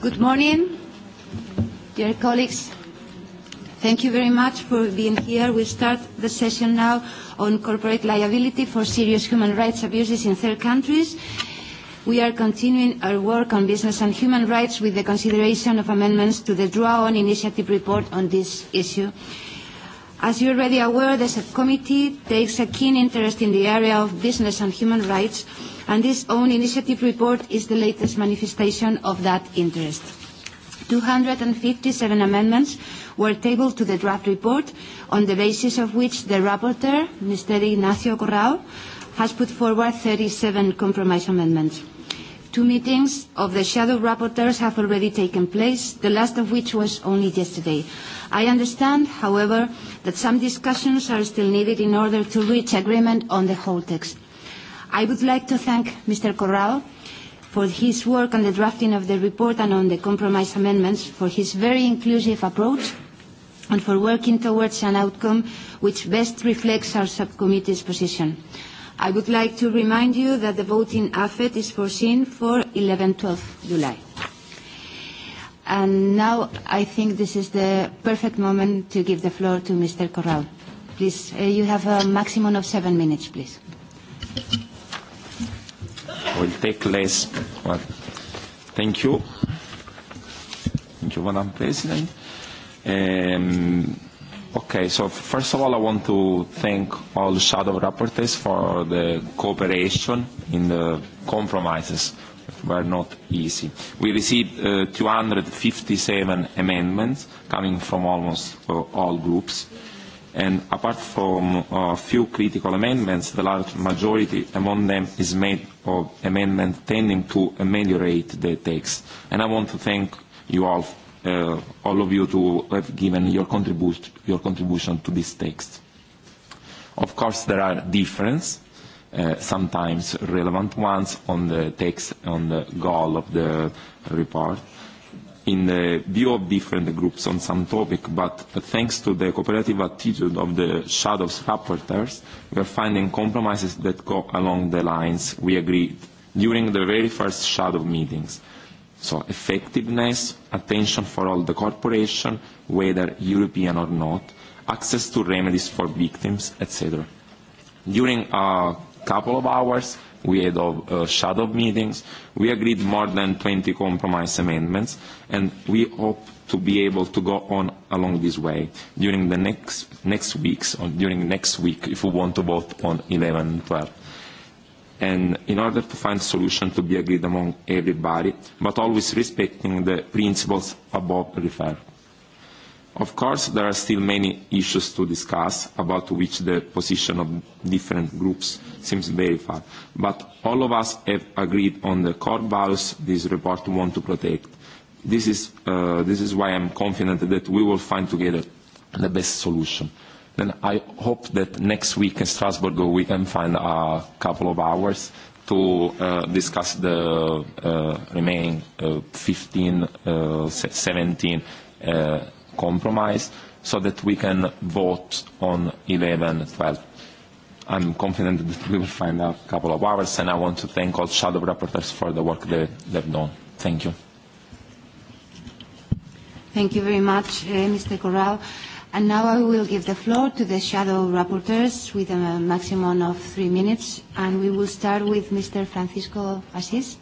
Good morning, dear colleagues. Thank you very much for being here. We start the session now on corporate liability for serious human rights abuses in third countries. We are continuing our work on business and human rights with the consideration of amendments to the Draw On Initiative report on this issue. As you're already aware, the subcommittee takes a keen interest in the area of business and human rights, and this own initiative report is the latest manifestation of that interest. 257 amendments were tabled to the draft report, on the basis of which the rapporteur, Mr. Ignacio Corrao, has put forward 37 compromise amendments. Two meetings of the shadow rapporteurs have already taken place, the last of which was only yesterday. I understand, however, that some discussions are still needed in order to reach agreement on the whole text. I would like to thank Mr. Corral for his work on the drafting of the report and on the compromise amendments, for his very inclusive approach, and for working towards an outcome which best reflects our subcommittee's position. I would like to remind you that the vote in AFET is foreseen for 11-12 July. And now I think this is the perfect moment to give the floor to Mr. Corral. Please, uh, you have a maximum of seven minutes, please. Will take less. Well, thank you. Thank you, Madam President. Um, Okay, so first of all, I want to thank all the shadow rapporteurs for the cooperation in the compromises that were not easy. We received uh, 257 amendments coming from almost uh, all groups. And apart from a uh, few critical amendments, the large majority among them is made of amendments tending to ameliorate the text. And I want to thank you all uh, all of you to have given your, contribu your contribution to this text. Of course, there are differences, uh, sometimes relevant ones, on the text, on the goal of the report, in the view of different groups on some topic, but thanks to the cooperative attitude of the shadows rapporteurs, we are finding compromises that go along the lines we agreed during the very first shadow meetings. So effectiveness, attention for all the corporation, whether European or not, access to remedies for victims, etc. During a couple of hours, we had uh, shadow meetings, we agreed more than 20 compromise amendments, and we hope to be able to go on along this way during the next, next weeks, or during next week, if we want to vote on 11 and 12 and in order to find a solution to be agreed among everybody, but always respecting the principles above referred. Of course, there are still many issues to discuss about which the position of different groups seems very far, but all of us have agreed on the core values this report wants to protect. This is, uh, this is why I'm confident that we will find together the best solution then I hope that next week in Strasbourg we can find a couple of hours to uh, discuss the uh, remaining uh, 15, uh, 17 uh, compromise so that we can vote on 11, 12. I'm confident that we will find a couple of hours and I want to thank all shadow rapporteurs for the work they, they've done. Thank you. Thank you very much, uh, Mr. Corral. And now I will give the floor to the shadow rapporteurs with a maximum of three minutes, and we will start with Mr. Francisco Assis.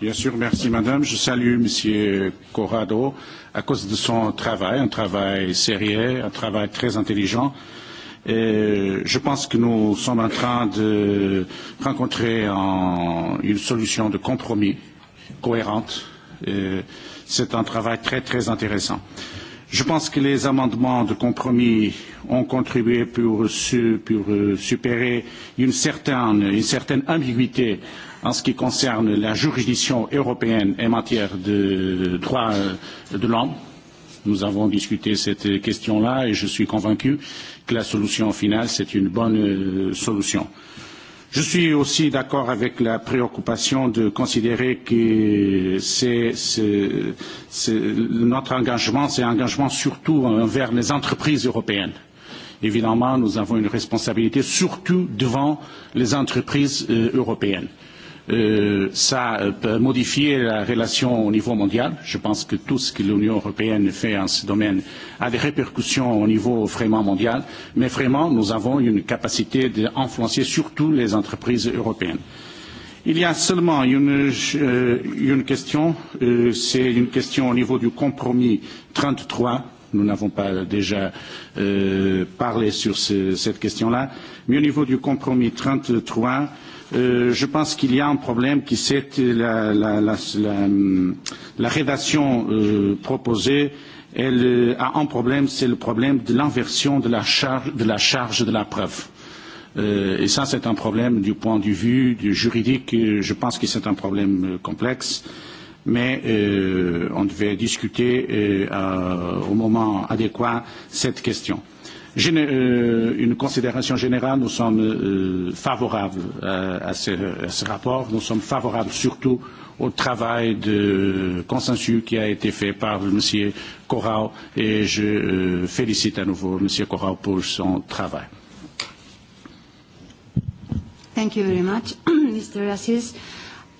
Bien sûr, merci madame. Je salue monsieur Corrado à cause de son travail, un travail sérieux, un travail très intelligent. Et je pense que nous sommes en train de rencontrer en une solution de compromis cohérente. C'est un travail très très intéressant. Euh, je pense que les amendements de compromis ont contribué pour, pour euh, supérer une certaine, une certaine ambiguïté en ce qui concerne la juridiction européenne en matière de droits euh, de l'homme. Nous avons discuté cette question-là et je suis convaincu que la solution finale, c'est une bonne euh, solution. Je suis aussi d'accord avec la préoccupation de considérer que c'est, notre engagement, c'est un engagement surtout envers les entreprises européennes. Évidemment, nous avons une responsabilité surtout devant les entreprises euh, européennes Euh, ça euh, peut modifier la relation au niveau mondial. Je pense que tout ce que l'Union européenne fait en ce domaine a des répercussions au niveau vraiment mondial, mais vraiment nous avons une capacité d'influencer surtout les entreprises européennes. Il y a seulement une, euh, une question, c'est une question au niveau du compromis trente trois. Nous n'avons pas déjà euh, parlé sur ce, cette question-là, mais au niveau du compromis trente trois Euh, je pense qu'il y a un problème qui c'est la, la, la, la, la rédaction euh, proposée elle euh, a un problème, c'est le problème de l'inversion de la charge de la, charge de la preuve. Euh, et ça, c'est un problème du point de vue du juridique. Euh, je pense que c'est un problème complexe, mais euh, on devait discuter euh, à, au moment adéquat cette question. Euh, une considération générale, nous sommes euh, favorables à, à, ce, à ce rapport. Nous sommes favorables surtout au travail de consensus qui a été fait par M. Corral et je euh, félicite à nouveau M. Corral pour son travail. Thank you very much, Mr. Assis.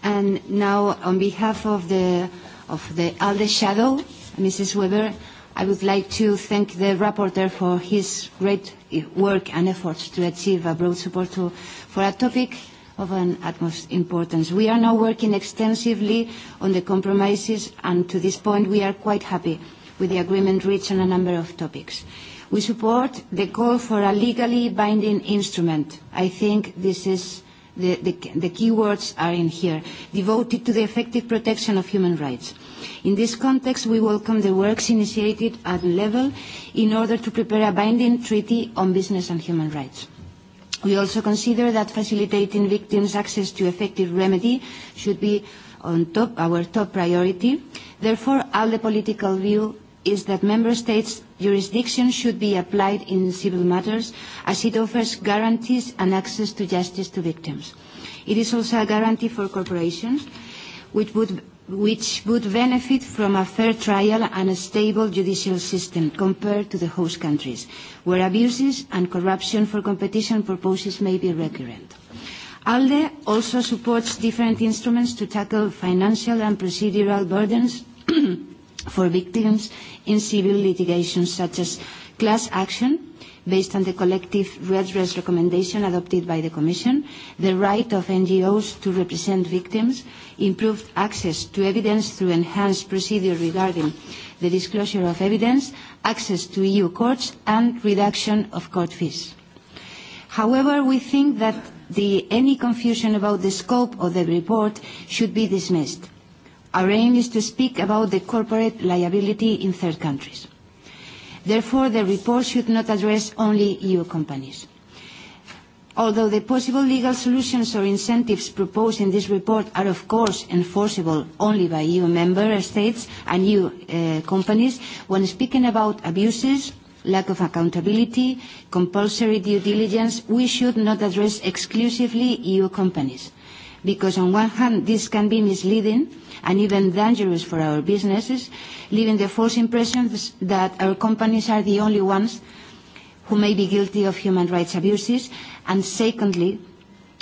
And now, on behalf of the, of the shadow, Mrs. Weber, i would like to thank the rapporteur for his great work and efforts to achieve a broad support to, for a topic of an utmost importance. We are now working extensively on the compromises, and to this point we are quite happy with the agreement reached on a number of topics. We support the call for a legally binding instrument. I think this is the, the, the words are in here, devoted to the effective protection of human rights. In this context, we welcome the works initiated at level in order to prepare a binding treaty on business and human rights. We also consider that facilitating victims access to effective remedy should be on top, our top priority. Therefore, our political view is that member states Jurisdiction should be applied in civil matters as it offers guarantees and access to justice to victims. It is also a guarantee for corporations which would, which would benefit from a fair trial and a stable judicial system compared to the host countries, where abuses and corruption for competition purposes may be recurrent. ALDE also supports different instruments to tackle financial and procedural burdens for victims in civil litigation such as class action based on the collective redress recommendation adopted by the Commission, the right of NGOs to represent victims, improved access to evidence through enhanced procedure regarding the disclosure of evidence, access to EU courts, and reduction of court fees. However, we think that the, any confusion about the scope of the report should be dismissed Our aim is to speak about the corporate liability in third countries. Therefore, the report should not address only EU companies. Although the possible legal solutions or incentives proposed in this report are of course enforceable only by EU member states and EU uh, companies, when speaking about abuses, lack of accountability, compulsory due diligence, we should not address exclusively EU companies because on one hand, this can be misleading and even dangerous for our businesses, leaving the false impression that our companies are the only ones who may be guilty of human rights abuses. And secondly,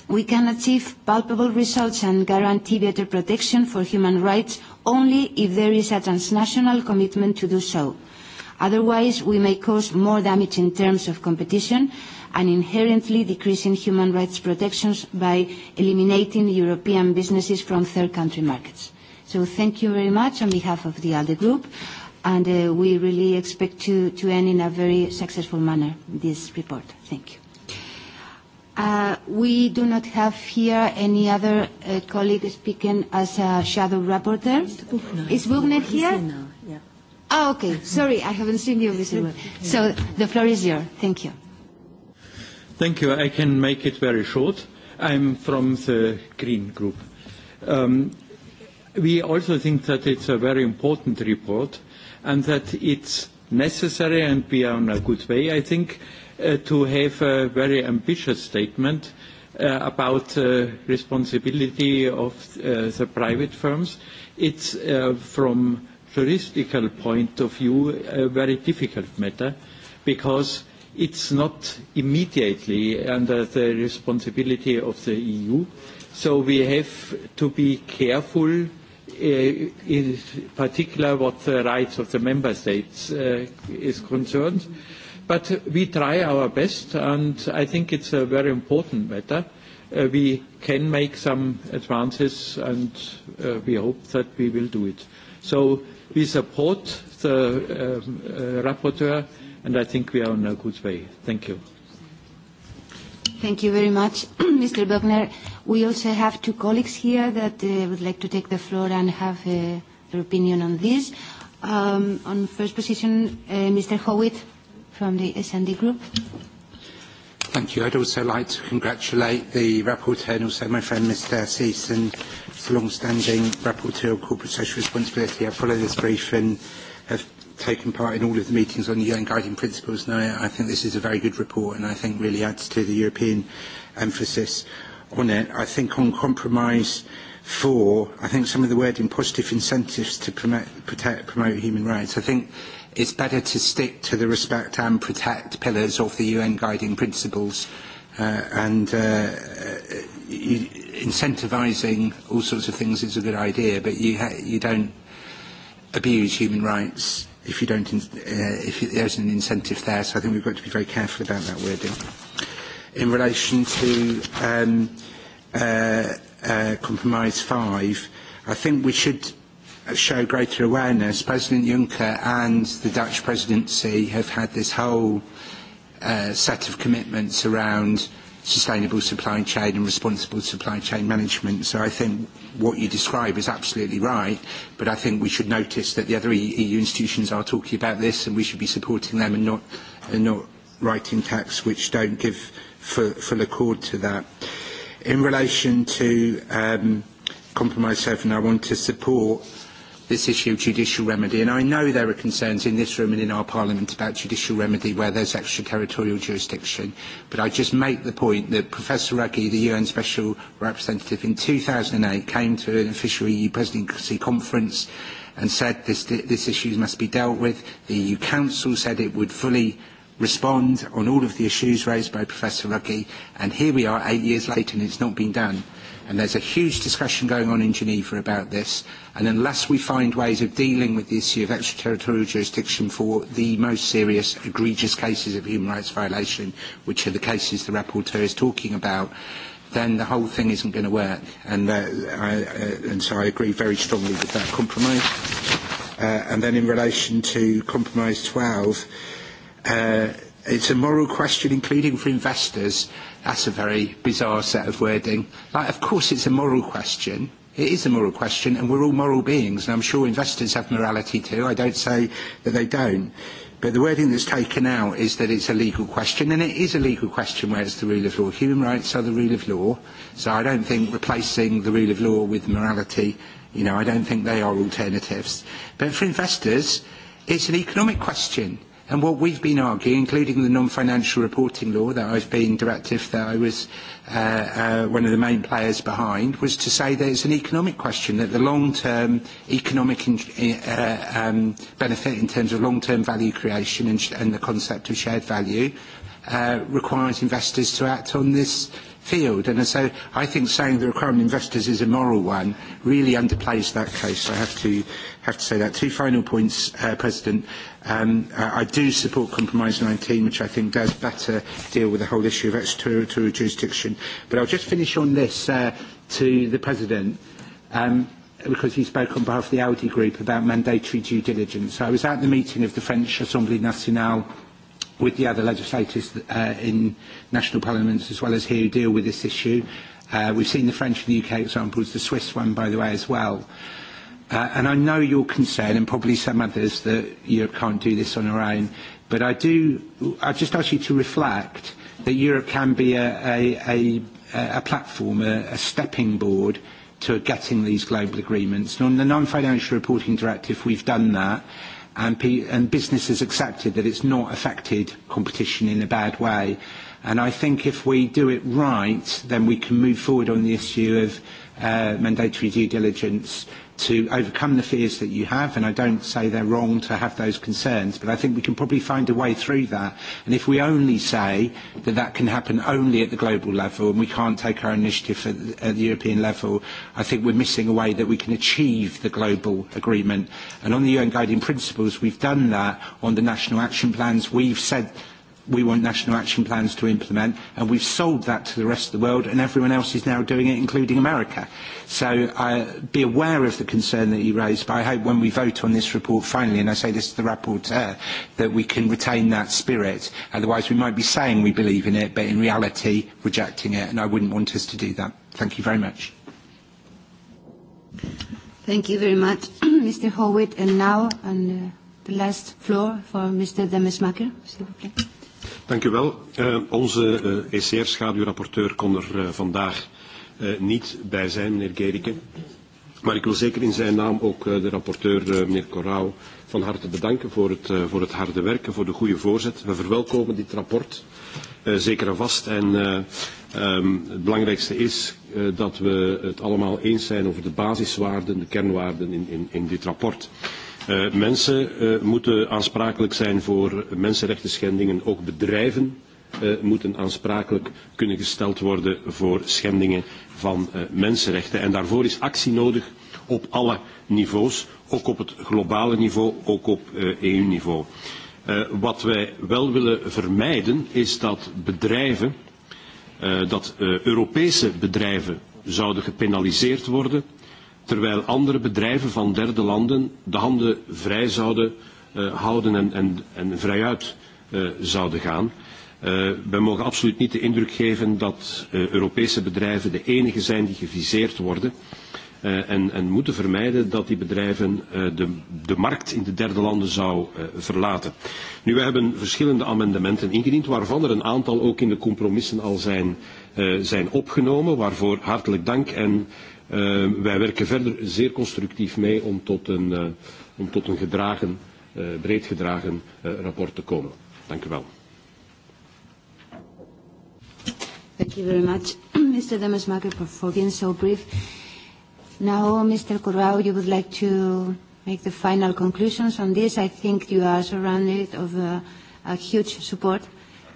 we can achieve palpable results and guarantee better protection for human rights only if there is a transnational commitment to do so. Otherwise, we may cause more damage in terms of competition and inherently decreasing human rights protections by eliminating European businesses from third country markets. So thank you very much on behalf of the ALDE Group, and uh, we really expect to, to end in a very successful manner this report. Thank you. Uh, we do not have here any other uh, colleague speaking as a shadow rapporteur. Buchner. Is Buchner here? yeah. Oh, okay. Sorry, I haven't seen you, Mr. So the floor is yours. Thank you. Thank you. I can make it very short. I'm from the Green Group. Um, we also think that it's a very important report and that it's necessary, and we are on a good way, I think, uh, to have a very ambitious statement uh, about uh, responsibility of uh, the private firms. It's uh, from juristical point of view a very difficult matter because it's not immediately under the responsibility of the EU. So we have to be careful, uh, in particular what the rights of the member states uh, is concerned. But we try our best, and I think it's a very important matter. Uh, we can make some advances, and uh, we hope that we will do it. So we support the um, uh, rapporteur and I think we are on a good way. Thank you. Thank you very much, Mr. Bogner. We also have two colleagues here that uh, would like to take the floor and have uh, their opinion on this. Um, on first position, uh, Mr. Howitt from the S&D Group. Thank you. I'd also like to congratulate the rapporteur and also my friend Mr. Season, long-standing rapporteur of corporate social responsibility. I follow this brief and taken part in all of the meetings on the UN Guiding Principles, and I, I think this is a very good report, and I think really adds to the European emphasis on it. I think on compromise four, I think some of the wording positive incentives to promote, protect, promote human rights. I think it's better to stick to the respect and protect pillars of the UN Guiding Principles uh, and uh, incentivising all sorts of things is a good idea, but you, ha- you don't abuse human rights if you don't, in, uh, if there isn't an incentive there. So I think we've got to be very careful about that wording. In relation to um, uh, uh, compromise five, I think we should show greater awareness. President Juncker and the Dutch presidency have had this whole uh, set of commitments around sustainable supply chain and responsible supply chain management. So I think what you describe is absolutely right, but I think we should notice that the other EU e institutions are talking about this and we should be supporting them and not, and not writing texts which don't give full, full accord to that. In relation to um, Compromise 7, I want to support this issue of judicial remedy. And I know there are concerns in this room and in our Parliament about judicial remedy where there's extraterritorial jurisdiction. But I just make the point that Professor Ruggie, the UN Special Representative, in 2008 came to an official EU presidency conference and said this, this issue must be dealt with. The EU Council said it would fully respond on all of the issues raised by Professor Ruggie. And here we are eight years later and it's not been done. And there's a huge discussion going on in Geneva about this. And unless we find ways of dealing with the issue of extraterritorial jurisdiction for the most serious, egregious cases of human rights violation, which are the cases the rapporteur is talking about, then the whole thing isn't going to work. And, uh, I, uh, and so I agree very strongly with that compromise. Uh, and then in relation to compromise 12, uh, it's a moral question, including for investors That's a very bizarre set of wording. Like, of course it's a moral question. It is a moral question, and we're all moral beings, and I'm sure investors have morality too. I don't say that they don't. But the wording that's taken out is that it's a legal question, and it is a legal question where it's the rule of law. Human rights are the rule of law, so I don't think replacing the rule of law with morality, you know, I don't think they are alternatives. But for investors, it's an economic question And what we've been arguing, including the non-financial reporting law that I've been directive that I was uh, uh, one of the main players behind, was to say that it's an economic question, that the long-term economic in, uh, um, benefit in terms of long-term value creation and, sh and the concept of shared value uh, requires investors to act on this field. And so I think saying the requirement of investors is a moral one really underplays that case. I have to have to say that. Two final points, uh, President. Um, I, I do support Compromise 19, which I think does better deal with the whole issue of extraterritorial jurisdiction. But I'll just finish on this uh, to the President. Um, because he spoke on behalf of the Audi Group about mandatory due diligence. So I was at the meeting of the French Assemblée Nationale with the other legislators uh, in national parliaments as well as here who deal with this issue. Uh, we've seen the French and the UK examples, the Swiss one, by the way, as well. Uh, and I know your concern, and probably some others, that Europe can't do this on her own. But I do, I just ask you to reflect that Europe can be a, a, a, a platform, a, a stepping board to getting these global agreements. And on the Non-Financial Reporting Directive, we've done that, and, P and business has accepted that it's not affected competition in a bad way. And I think if we do it right, then we can move forward on the issue of uh, mandatory due diligence to overcome the fears that you have, and I don't say they're wrong to have those concerns, but I think we can probably find a way through that. And if we only say that that can happen only at the global level and we can't take our initiative at, at the European level, I think we're missing a way that we can achieve the global agreement. And on the UN Guiding Principles, we've done that on the national action plans. We've said we want national action plans to implement, and we've sold that to the rest of the world, and everyone else is now doing it, including America. So uh, be aware of the concern that you raised, but I hope when we vote on this report finally, and I say this to the rapporteur, that we can retain that spirit. Otherwise, we might be saying we believe in it, but in reality, rejecting it, and I wouldn't want us to do that. Thank you very much. Thank you very much, Mr. Howitt. And now, on the last floor for Mr. Demesmacher, Dank u wel. Uh, onze uh, eh, ECR-schaduwrapporteur kon er uh, vandaag uh, niet bij zijn, meneer Gerike. Maar ik wil zeker in zijn naam ook uh, de rapporteur, uh, meneer Corrao, van harte bedanken voor het, uh, voor het harde werken, voor de goede voorzet. We verwelkomen dit rapport, uh, zeker en vast. En uh, um, het belangrijkste is uh, dat we het allemaal eens zijn over de basiswaarden, de kernwaarden in, in, in dit rapport. Eh, mensen uh, moeten aansprakelijk zijn voor mensenrechtenschendingen. Ook bedrijven uh, moeten aansprakelijk kunnen gesteld worden voor schendingen van mensenrechten. En daarvoor is actie nodig op alle niveaus, ook op het globale niveau, ook op EU-niveau. E wat wij wel willen vermijden is dat bedrijven, dat Europese bedrijven zouden gepenaliseerd worden terwijl andere bedrijven van derde landen de handen vrij zouden uh, houden en, en, en vrijuit uh, eh, zouden gaan. Uh, we mogen absoluut niet de indruk geven dat uh, Europese bedrijven de enige zijn die geviseerd worden. Uh, en, en moeten vermijden dat die bedrijven uh, de, de markt in de derde landen zou uh, verlaten. Nu, we hebben verschillende amendementen ingediend, waarvan er een aantal ook in de compromissen al zijn, uh, zijn opgenomen, waarvoor hartelijk dank. En Uh, wij werken verder zeer constructief mee om tot een, uh, om tot een gedragen, uh, breed gedragen uh, rapport te komen. Dank u wel. Thank you very much, Mr. Demesmaker, for being so brief. Now, Mr. Corrao, you would like to make the final conclusions on this. I think you are surrounded of uh, a huge support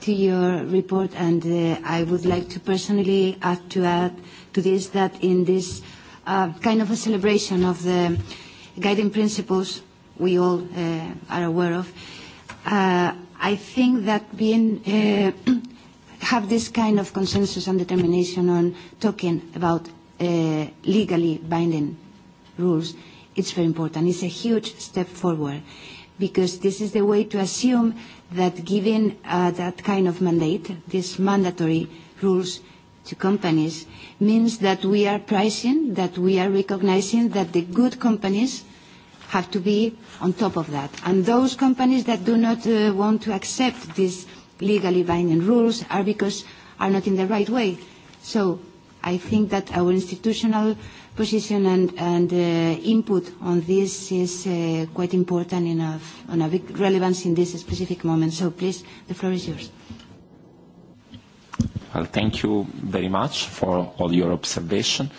to your report, and uh, I would like to personally add to add to this that in this uh, kind of a celebration of the guiding principles we all uh, are aware of, uh, I think that being uh, have this kind of consensus and determination on talking about uh, legally binding rules, it's very important. It's a huge step forward because this is the way to assume that giving uh, that kind of mandate, these mandatory rules to companies, means that we are pricing, that we are recognizing that the good companies have to be on top of that. And those companies that do not uh, want to accept these legally binding rules are because are not in the right way. So i think that our institutional position and, and uh, input on this is uh, quite important and of, on a big relevance in this specific moment. So please, the floor is yours. Well, thank you very much for all your observation.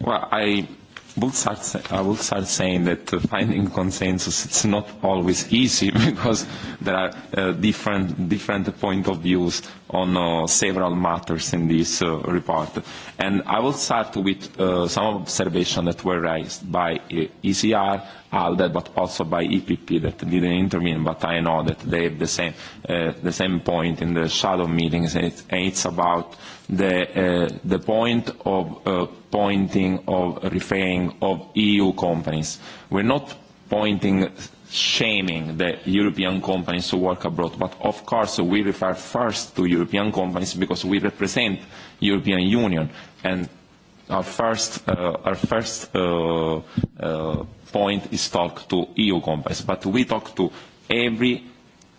Well, I i will start saying that uh, finding consensus it's not always easy because there are uh, different different point of views on uh, several matters in this uh, report. And I will start with uh, some observations that were raised by uh, ECR ALDE, but also by EPP that didn't intervene, but I know that they have the same, uh, the same point in the shadow meetings, and it's, and it's about the, uh, the point of uh, pointing, of referring of EU companies. We're not pointing shaming the European companies who work abroad. But of course, we refer first to European companies because we represent European Union. And our first, uh, our first uh, uh, point is talk to EU companies, but we talk to every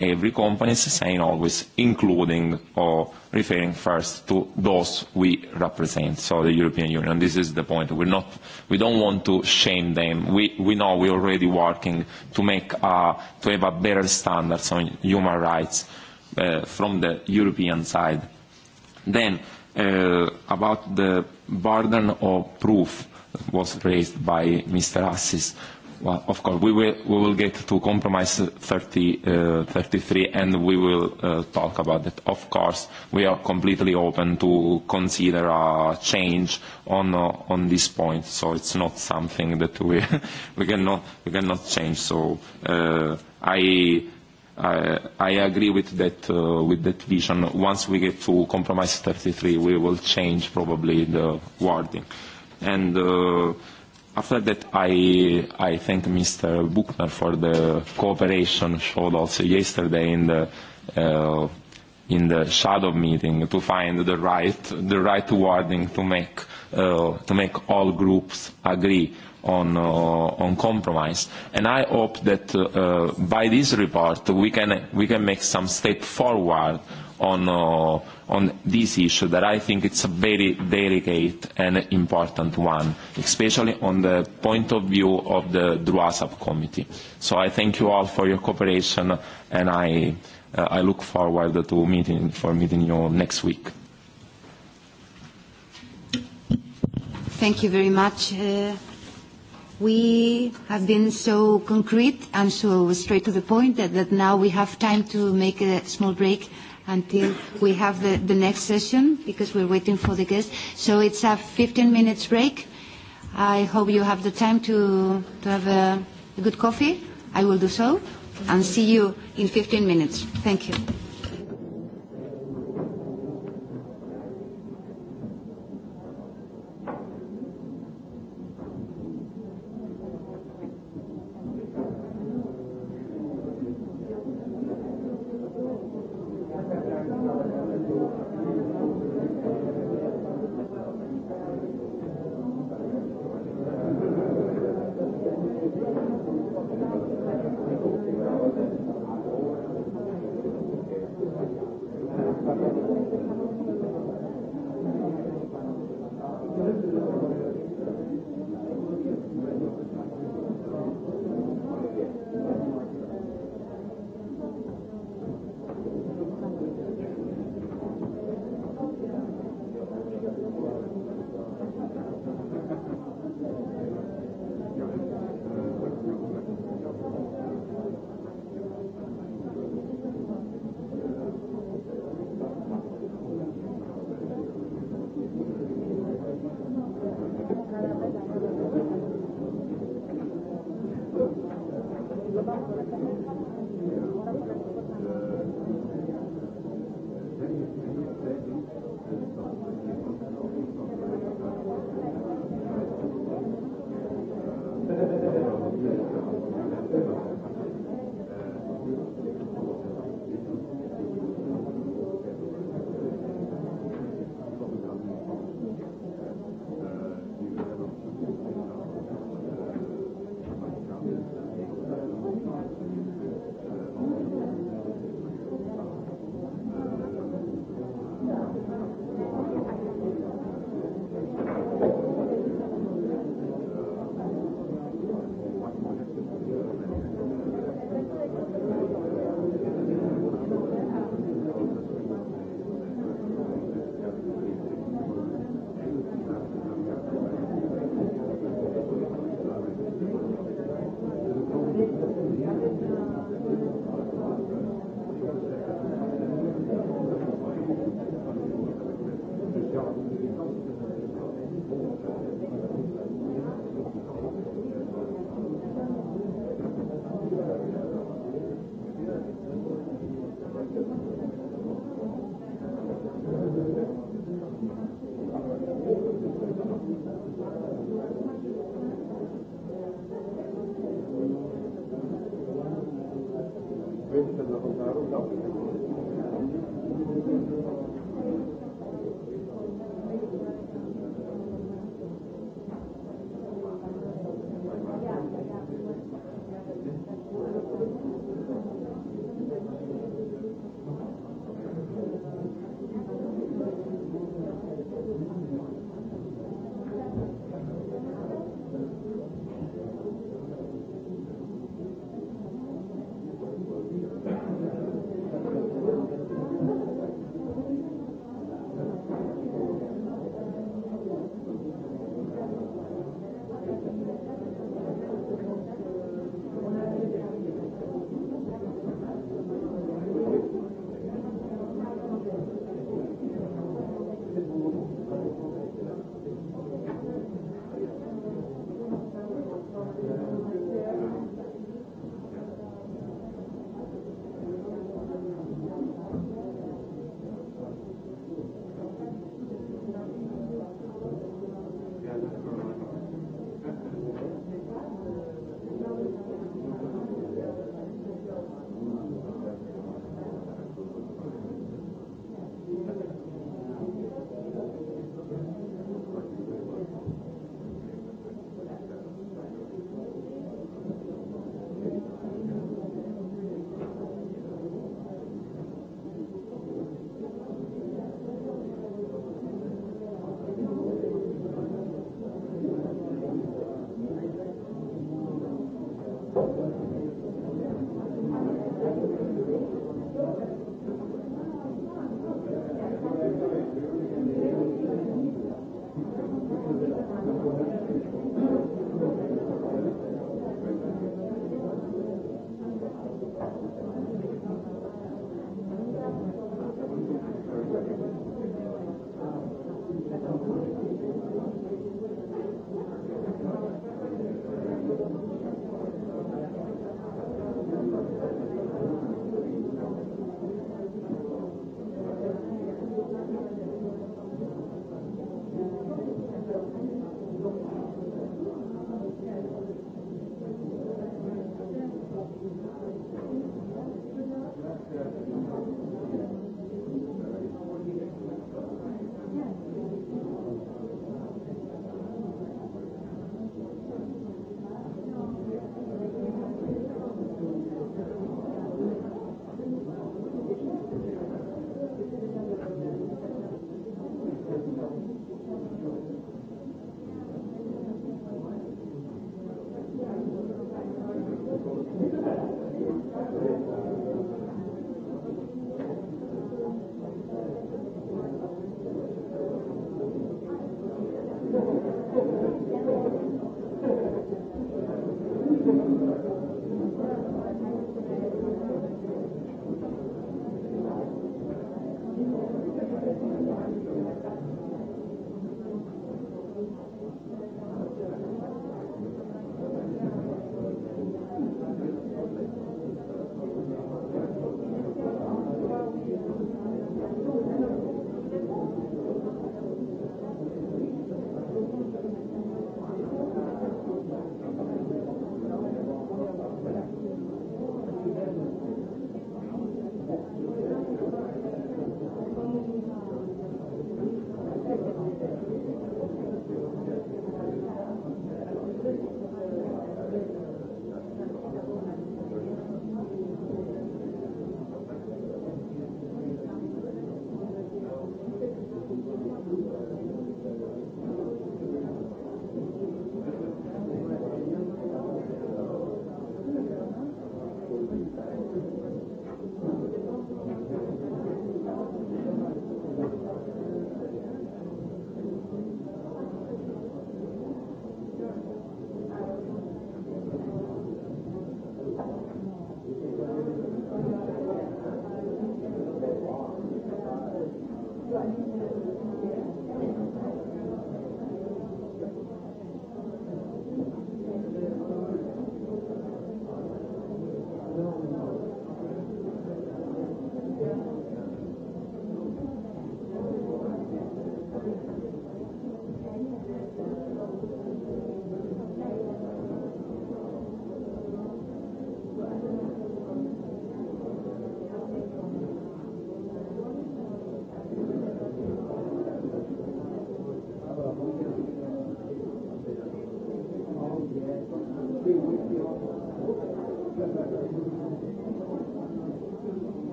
every company, saying always including or referring first to those we represent, so the European Union. This is the point. We're not, we don't want to shame them. We, we know we're already working to make, uh, to have a better standards on human rights uh, from the European side. Then uh, about the burden of proof that was raised by Mr. Assis. Well, of course, we will, we will get to compromise 30, uh, 33 and we will uh, talk about that. Of course, we are completely open to consider a change on, uh, on this point, so it's not something that we, we, cannot, we cannot change. So uh, I i, I agree with that, uh, with that vision. Once we get to compromise 33, we will change probably the wording. And uh, after that, I, I thank Mr. Buchner for the cooperation showed also yesterday in the, uh, in the shadow meeting to find the right, the right wording to make, uh, to make all groups agree on, uh, on compromise. And I hope that uh, uh, by this report we can, we can make some step forward on, uh, on this issue that I think it's a very delicate and important one, especially on the point of view of the DRUA subcommittee. So I thank you all for your cooperation and I, uh, I look forward to meeting, for meeting you next week. Thank you very much. Uh we have been so concrete and so straight to the point that, that now we have time to make a small break until we have the, the next session because we're waiting for the guests. So it's a 15 minutes break. I hope you have the time to, to have a, a good coffee. I will do so and see you in 15 minutes. Thank you.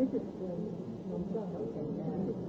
This is um, non-profit.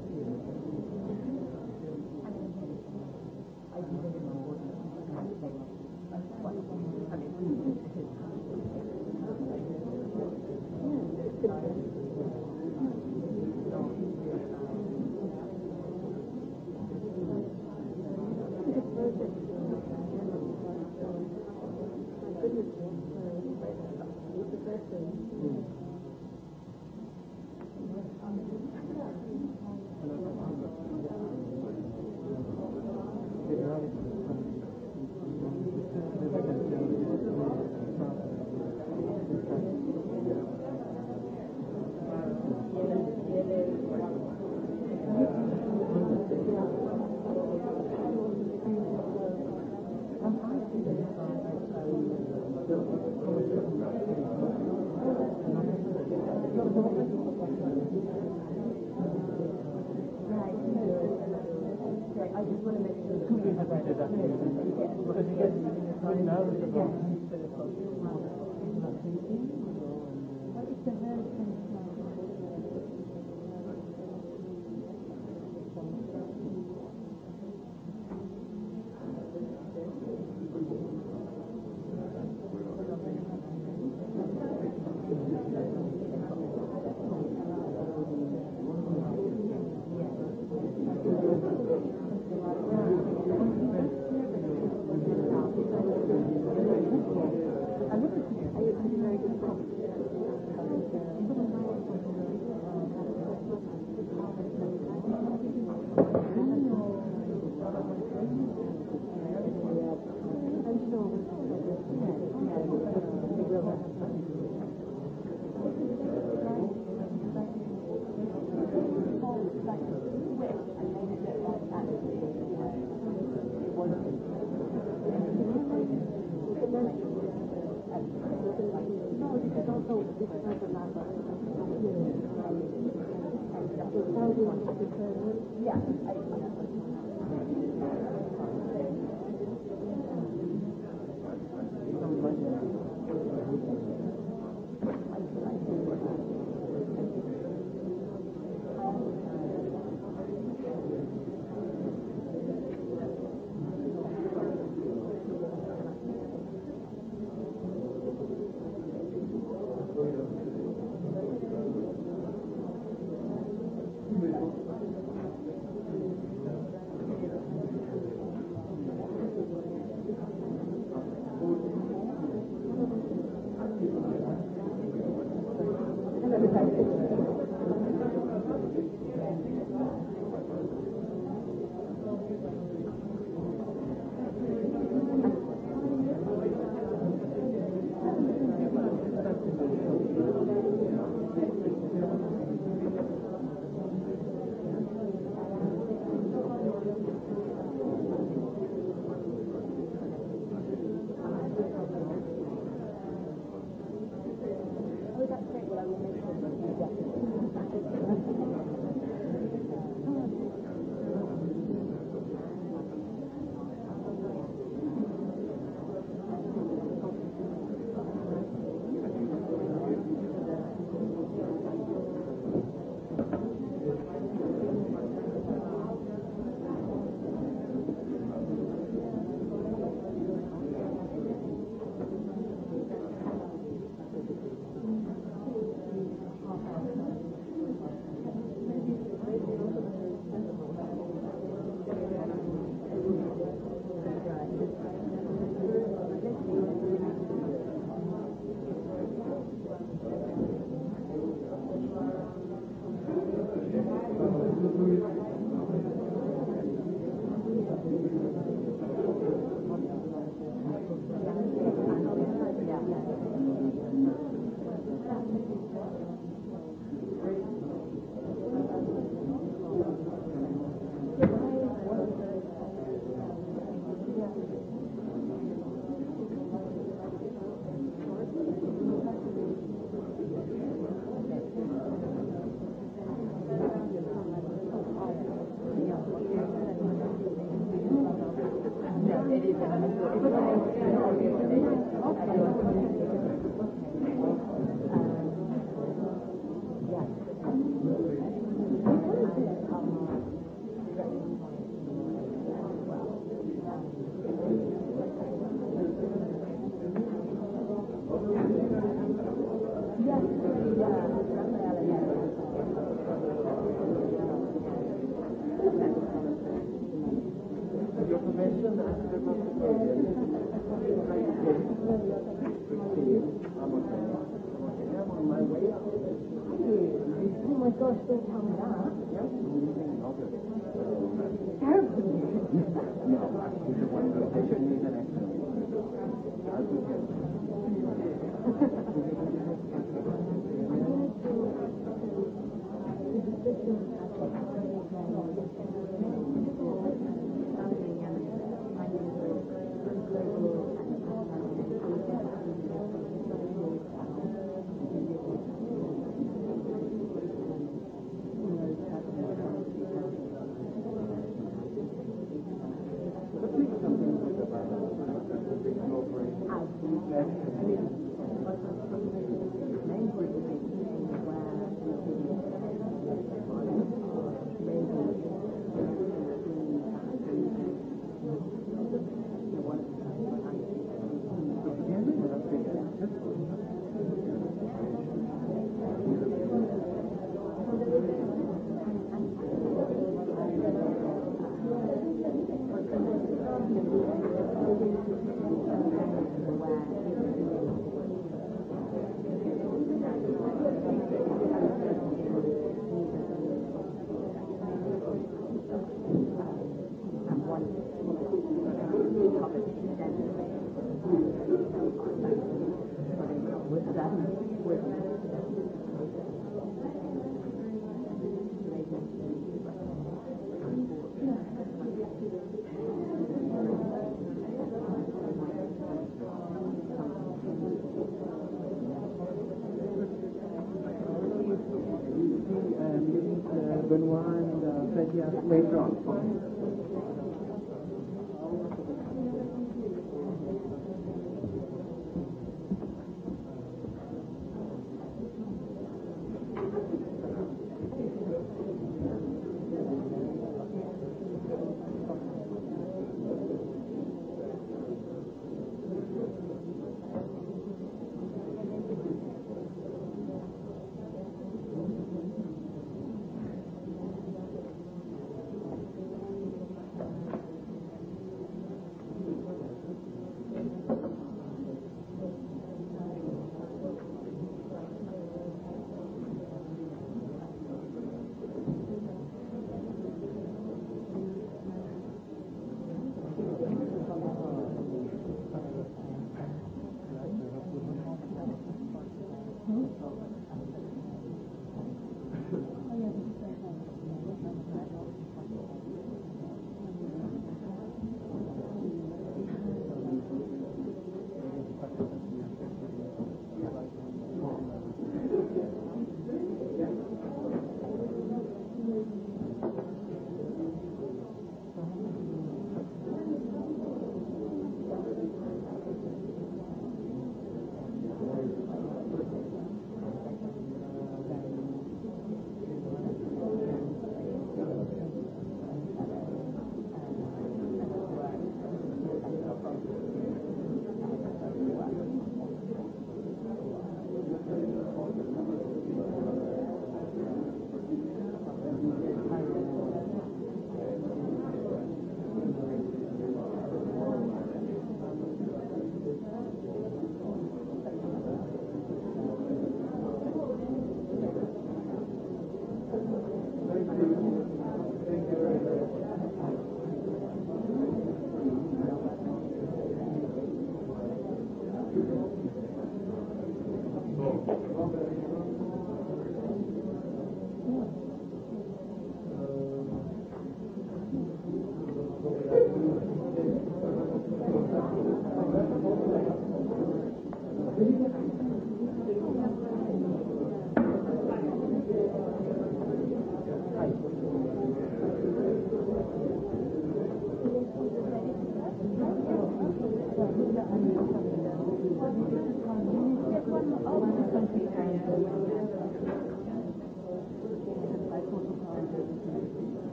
Amen.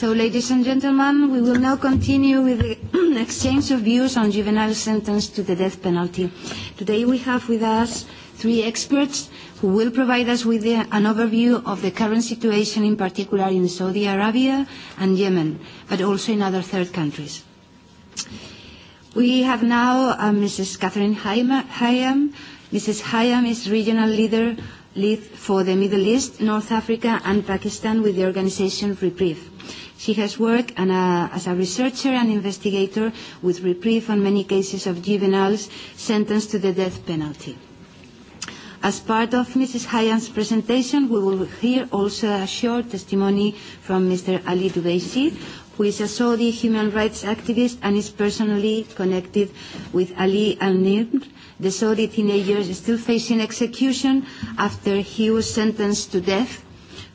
So, ladies and gentlemen, we will now continue with the exchange of views on juvenile sentence to the death penalty. Today we have with us three experts who will provide us with the, an overview of the current situation, in particular in Saudi Arabia and Yemen, but also in other third countries. We have now uh, Mrs. Catherine Hayam. Mrs. Hayam is regional leader lead for the Middle East, North Africa, and Pakistan with the organization REPRIEVE. She has worked a, uh, as a researcher and investigator with reprieve on many cases of juveniles sentenced to the death penalty. As part of Mrs. Hayan's presentation, we will hear also a short testimony from Mr. Ali Dubaisi, who is a Saudi human rights activist and is personally connected with Ali al-Nimr, the Saudi teenager still facing execution after he was sentenced to death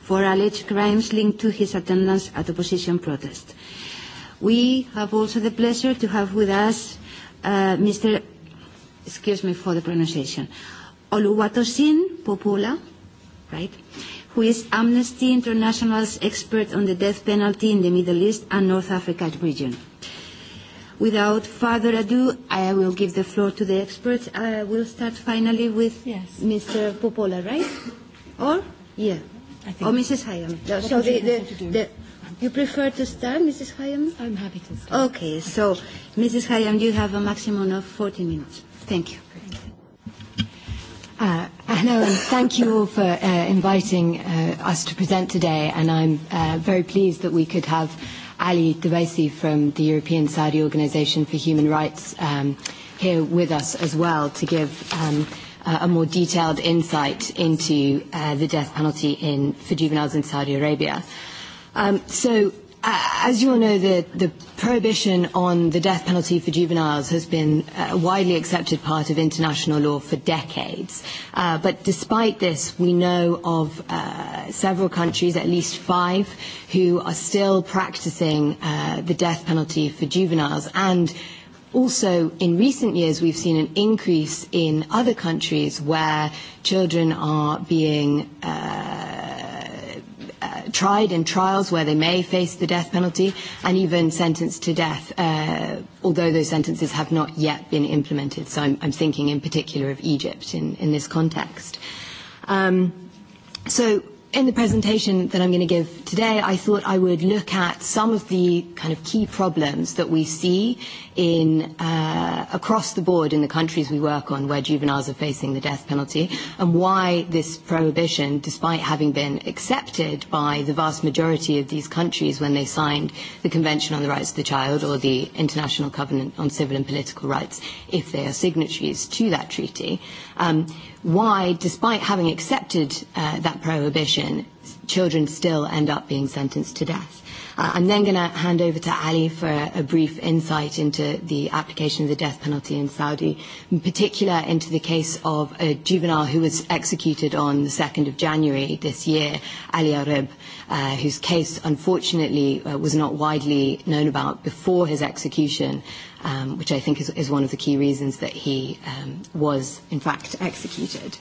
for alleged crimes linked to his attendance at opposition protests. We have also the pleasure to have with us uh, Mr. Excuse me for the pronunciation. Oluwatosin Popula, right? Who is Amnesty International's expert on the death penalty in the Middle East and North Africa region. Without further ado, I will give the floor to the experts. I uh, will start finally with yes. Mr. Popola, right? Or? Yeah. Oh, Mrs. Hayam. No, so the, the, the, you prefer to start, Mrs. Hayam? I'm happy to start. Okay, so Mrs. Hayam, you have a maximum of 40 minutes. Thank you. Uh, hello, and um, thank you all for uh, inviting uh, us to present today. And I'm uh, very pleased that we could have Ali Debaisi from the European Saudi Organization for Human Rights um, here with us as well to give um, a more detailed insight into uh, the death penalty in, for juveniles in Saudi Arabia. Um, so, uh, as you all know, the, the prohibition on the death penalty for juveniles has been a uh, widely accepted part of international law for decades. Uh, but despite this, we know of uh, several countries, at least five, who are still practicing uh, the death penalty for juveniles and Also, in recent years, we've seen an increase in other countries where children are being uh, uh, tried in trials where they may face the death penalty and even sentenced to death, uh, although those sentences have not yet been implemented. So I'm, I'm thinking in particular of Egypt in, in this context. Um, so in the presentation that I'm going to give today, I thought I would look at some of the kind of key problems that we see in, uh, across the board in the countries we work on where juveniles are facing the death penalty and why this prohibition, despite having been accepted by the vast majority of these countries when they signed the Convention on the Rights of the Child or the International Covenant on Civil and Political Rights, if they are signatories to that treaty, um, why, despite having accepted uh, that prohibition, children still end up being sentenced to death. Uh, I'm then going to hand over to Ali for a, a brief insight into the application of the death penalty in Saudi, in particular into the case of a juvenile who was executed on the 2nd of January this year, Ali Arib, uh, whose case unfortunately uh, was not widely known about before his execution um, which I think is, is one of the key reasons that he um, was, in fact, executed.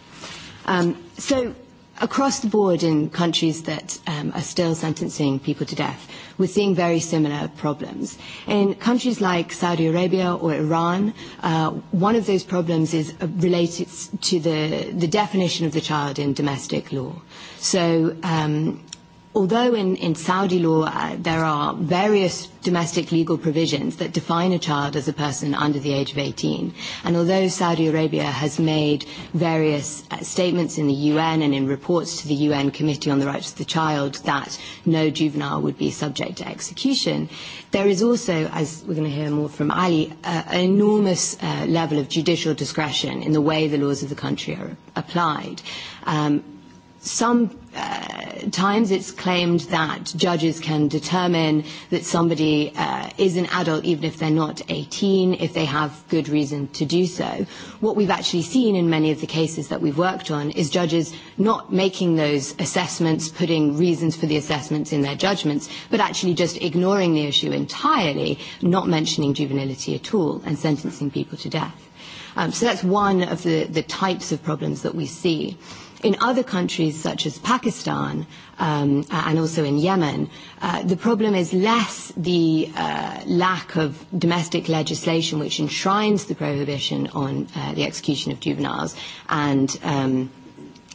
Um, so across the board in countries that um, are still sentencing people to death, we're seeing very similar problems. In countries like Saudi Arabia or Iran, uh, one of those problems is uh, related to the, the definition of the child in domestic law. So um, although in, in Saudi law uh, there are various domestic legal provisions that define a child as a person under the age of 18, and although Saudi Arabia has made various uh, statements in the UN and in reports to the UN Committee on the Rights of the Child that no juvenile would be subject to execution, there is also, as we're going to hear more from Ali, uh, an enormous uh, level of judicial discretion in the way the laws of the country are applied. Um, some uh, times it's claimed that judges can determine that somebody uh, is an adult even if they're not 18 if they have good reason to do so. What we've actually seen in many of the cases that we've worked on is judges not making those assessments, putting reasons for the assessments in their judgments, but actually just ignoring the issue entirely, not mentioning juvenility at all, and sentencing people to death. Um, so that's one of the, the types of problems that we see. In other countries such as Pakistan um, uh, and also in Yemen, uh, the problem is less the uh, lack of domestic legislation which enshrines the prohibition on uh, the execution of juveniles and um,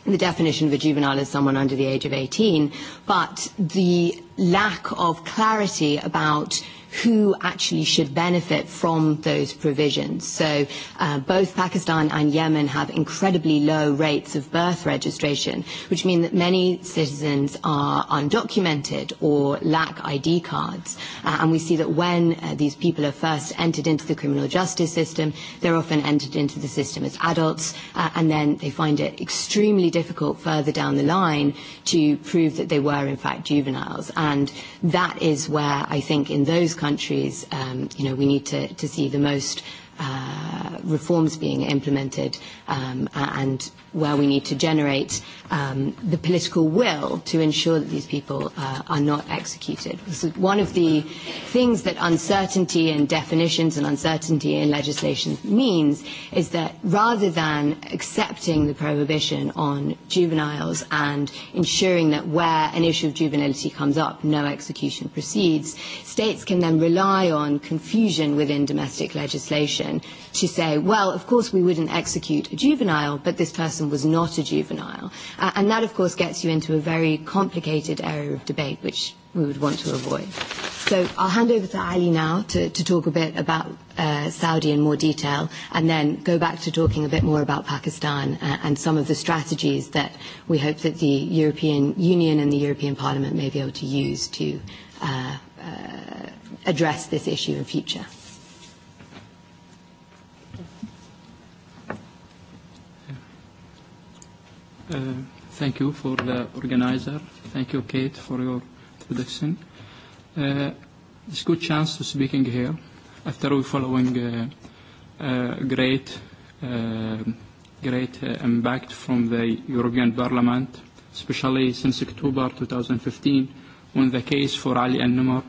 the definition of a juvenile as someone under the age of 18, but the lack of clarity about who actually should benefit from those provisions. So uh, both Pakistan and Yemen have incredibly low rates of birth registration, which mean that many citizens are undocumented or lack ID cards. Uh, and we see that when uh, these people are first entered into the criminal justice system, they're often entered into the system as adults, uh, and then they find it extremely difficult further down the line to prove that they were in fact juveniles. And that is where I think in those countries, um, you know, we need to, to see the most uh, reforms being implemented um, and where we need to generate um, the political will to ensure that these people uh, are not executed. So one of the things that uncertainty and definitions and uncertainty in legislation means is that rather than accepting the prohibition on juveniles and ensuring that where an issue of juvenility comes up, no execution proceeds, states can then rely on confusion within domestic legislation decision to say, well, of course we wouldn't execute a juvenile, but this person was not a juvenile. Uh, and that, of course, gets you into a very complicated area of debate, which we would want to avoid. So I'll hand over to Ali now to, to talk a bit about uh, Saudi in more detail and then go back to talking a bit more about Pakistan uh, and some of the strategies that we hope that the European Union and the European Parliament may be able to use to uh, uh, address this issue in future. Uh, thank you for the organizer. Thank you, Kate, for your introduction. Uh, it's good chance to speaking here after we following uh, uh, great uh, great uh, impact from the European Parliament, especially since October 2015, when the case for Ali and numar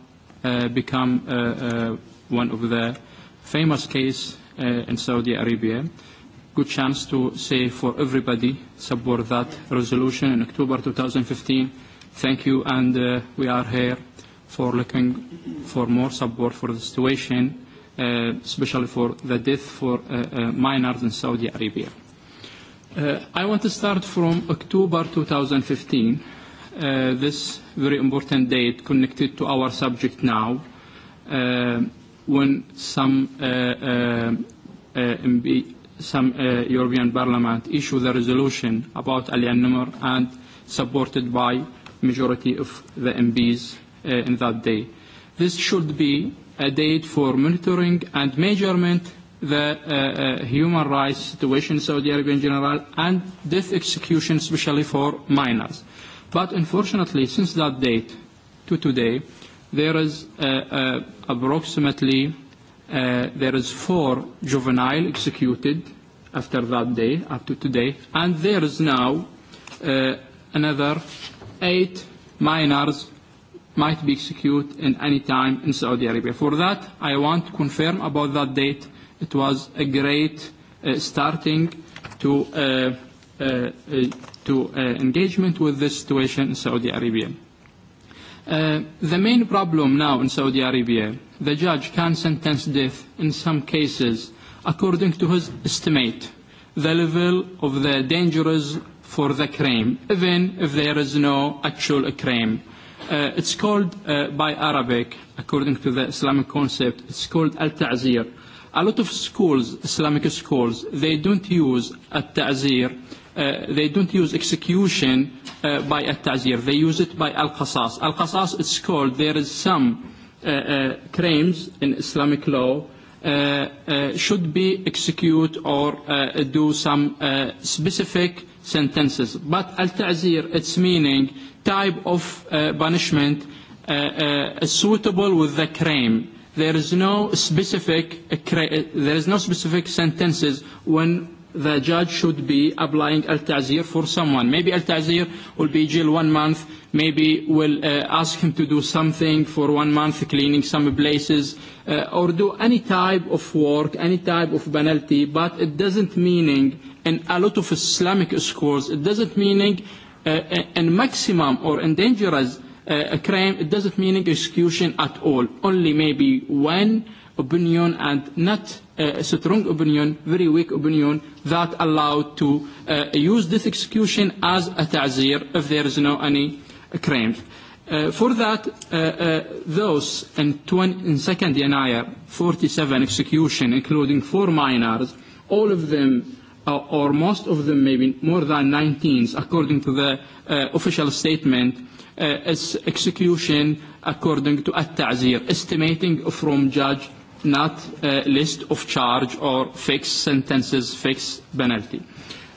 uh, became uh, uh, one of the famous cases uh, in Saudi Arabia good chance to say for everybody support that resolution in October 2015. Thank you, and uh, we are here for looking for more support for the situation, uh, especially for the death for uh, uh, minors in Saudi Arabia. Uh, I want to start from October 2015, uh, this very important date connected to our subject now, uh, when some uh, uh, uh, some uh, European Parliament issued a resolution about Alian al-Nimr and supported by majority of the MPs uh, in that day. This should be a date for monitoring and measurement the uh, uh, human rights situation in Saudi Arabia in general and death execution, especially for minors. But unfortunately, since that date to today, there is uh, uh, approximately Uh, there is four juvenile executed after that day, up to today, and there is now uh, another eight minors might be executed in any time in Saudi Arabia. For that, I want to confirm about that date. It was a great uh, starting to, uh, uh, uh, to uh, engagement with this situation in Saudi Arabia. Uh, the main problem now in Saudi Arabia the judge can sentence death in some cases according to his estimate, the level of the dangerous for the crime, even if there is no actual crime. Uh, it's called uh, by Arabic, according to the Islamic concept, it's called al-ta'zir. A lot of schools, Islamic schools, they don't use al-ta'zir, uh, they don't use execution uh, by al-ta'zir, they use it by al-qasas. Al-qasas, it's called, there is some uh, uh, in Islamic law uh, uh, should be executed or uh, do some uh, specific sentences. But al-ta'zir, its meaning, type of uh, punishment uh, uh, suitable with the crime. There is no specific, uh, uh, there is no specific sentences when the judge should be applying al-ta'zir for someone. Maybe al-ta'zir will be jail one month, maybe will uh, ask him to do something for one month, cleaning some places, uh, or do any type of work, any type of penalty, but it doesn't meaning, in a lot of Islamic schools, it doesn't meaning uh, in maximum or in dangerous uh, crime, it doesn't meaning execution at all, only maybe one opinion and not uh, a strong opinion, very weak opinion that allowed to uh, use this execution as a ta'zir if there is no any crime. Uh, for that, uh, uh, those in, 20, in 2nd Yanayar, 47 execution, including four minors, all of them, uh, or most of them maybe more than 19, according to the uh, official statement, uh, is execution according to a tazir estimating from judge not a list of charge or fixed sentences, fixed penalty.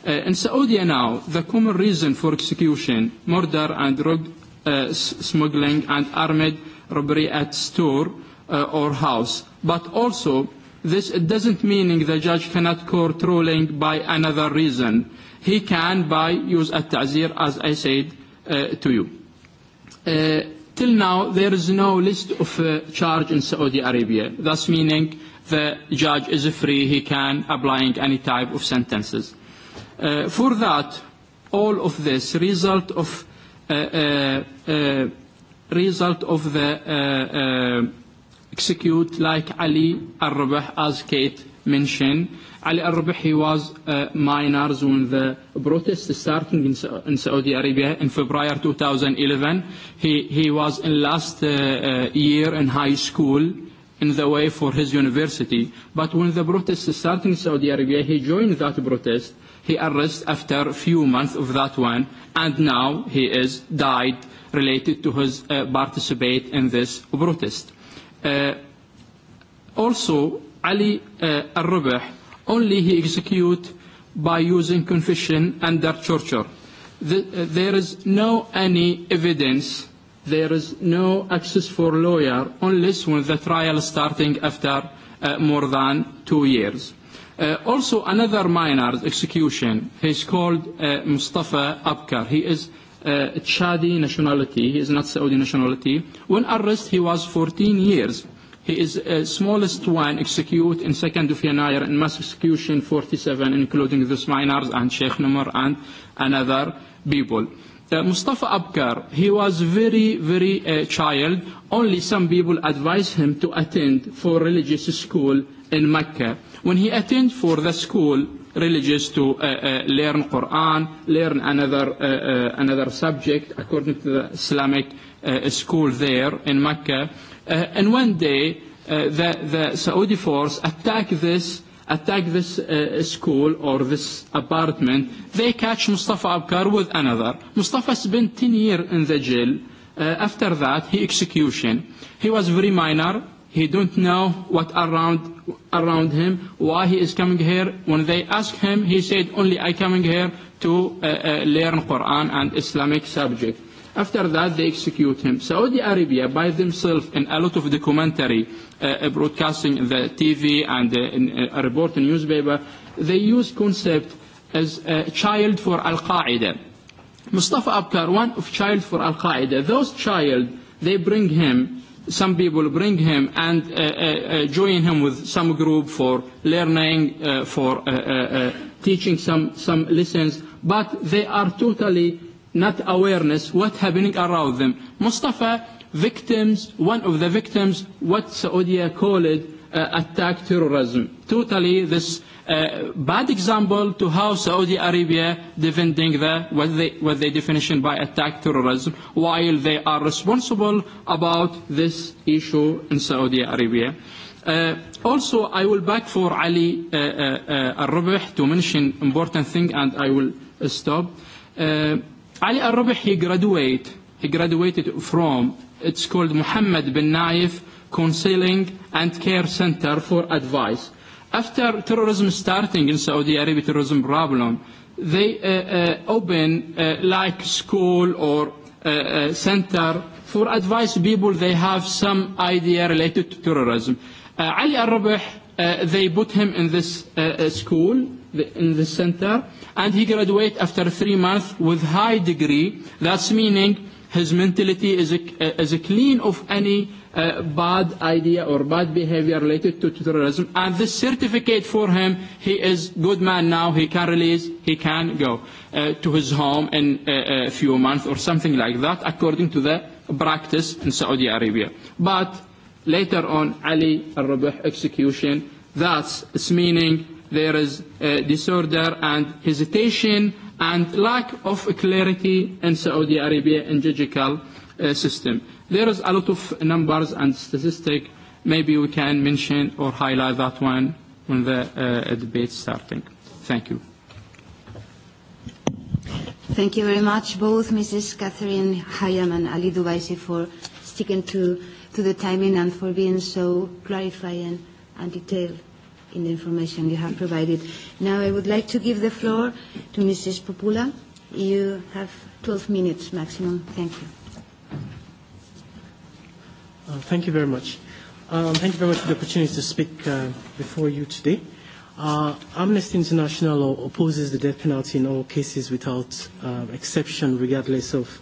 Uh, in Saudi now, the common reason for execution, murder and drug uh, smuggling and armed robbery at store uh, or house. But also, this it doesn't mean the judge cannot court ruling by another reason. He can by use a tazir, as I said uh, to you. Uh, Till now, there is no list of uh, charge in Saudi Arabia, thus meaning the judge is free, he can apply any type of sentences. Uh, for that, all of this result of uh, uh, uh, result of the uh, uh, execute like Ali al as Kate mention, Ali al he was uh, minors when the protests starting in, in Saudi Arabia in February 2011. He, he was in last uh, uh, year in high school in the way for his university. But when the protests starting in Saudi Arabia, he joined that protest. He arrested after a few months of that one, and now he is died related to his uh, participate in this protest. Uh, also, Ali uh, al rubah only he execute by using confession under torture. The, uh, there is no any evidence, there is no access for lawyer unless when the trial starting after uh, more than two years. Uh, also another minor execution, he's called uh, Mustafa Abkar. He is uh, Chadi nationality, he is not Saudi nationality. When arrested, he was 14 years He is the uh, smallest one executed in Second of Yanayar in mass execution 47, including those miners and Sheikh Numar and another people. Uh, Mustafa Abkar, he was very, very uh, child. Only some people advised him to attend for religious school in Mecca. When he attended for the school, religious to uh, uh, learn Quran, learn another, uh, uh, another subject according to the Islamic uh, school there in Mecca. Uh, and one day, uh, the, the Saudi force attack this attack this uh, school or this apartment. They catch Mustafa Abkar with another. Mustafa spent 10 years in the jail. Uh, after that, he execution. He was very minor. He don't know what around around him, why he is coming here. When they ask him, he said, only I coming here to uh, uh, learn Quran and Islamic subject. After that, they execute him. Saudi Arabia by themselves, and a lot of documentary uh, uh broadcasting the TV and uh, in, uh, a report in newspaper, they use concept as a uh, child for Al-Qaeda. Mustafa Abkar, one of child for Al-Qaeda. Those child, they bring him some people bring him and uh, uh, join him with some group for learning, uh, for uh, uh, uh, teaching some, some lessons, but they are totally not awareness what happening around them. Mustafa, victims, one of the victims, what Saudi called uh, attack terrorism. Totally this uh, bad example to how Saudi Arabia defending the, what, they, what they definition by attack terrorism while they are responsible about this issue in Saudi Arabia. Uh, also, I will back for Ali uh, uh, uh, Al-Rubih to mention important thing and I will uh, stop. Uh, Ali al he graduated, he graduated from, it's called Muhammad bin Naif Counseling and Care Center for Advice. After terrorism starting in Saudi Arabia, terrorism problem, they uh, uh, open uh, like school or uh, uh, center for advice people they have some idea related to terrorism. Uh, Ali al uh, they put him in this uh, uh school the, in the center, and he graduates after three months with high degree. That's meaning his mentality is a, is a clean of any uh, bad idea or bad behavior related to terrorism. And this certificate for him, he is good man now. He can release. He can go uh, to his home in uh, a few months or something like that, according to the practice in Saudi Arabia. But later on, Ali al-Rabih execution, that's its meaning there is uh, disorder and hesitation and lack of clarity in Saudi Arabia and judicial uh, system. There is a lot of numbers and statistics. Maybe we can mention or highlight that one when the uh, debate starting. Thank you. Thank you very much, both Mrs. Catherine Hayam and Ali Dubaisi, for sticking to, to the timing and for being so clarifying and detailed in the information you have provided. Now I would like to give the floor to Mrs. Popula. You have 12 minutes maximum. Thank you. Uh, thank you very much. Um, thank you very much for the opportunity to speak uh, before you today. Uh, Amnesty International opposes the death penalty in all cases without uh, exception, regardless of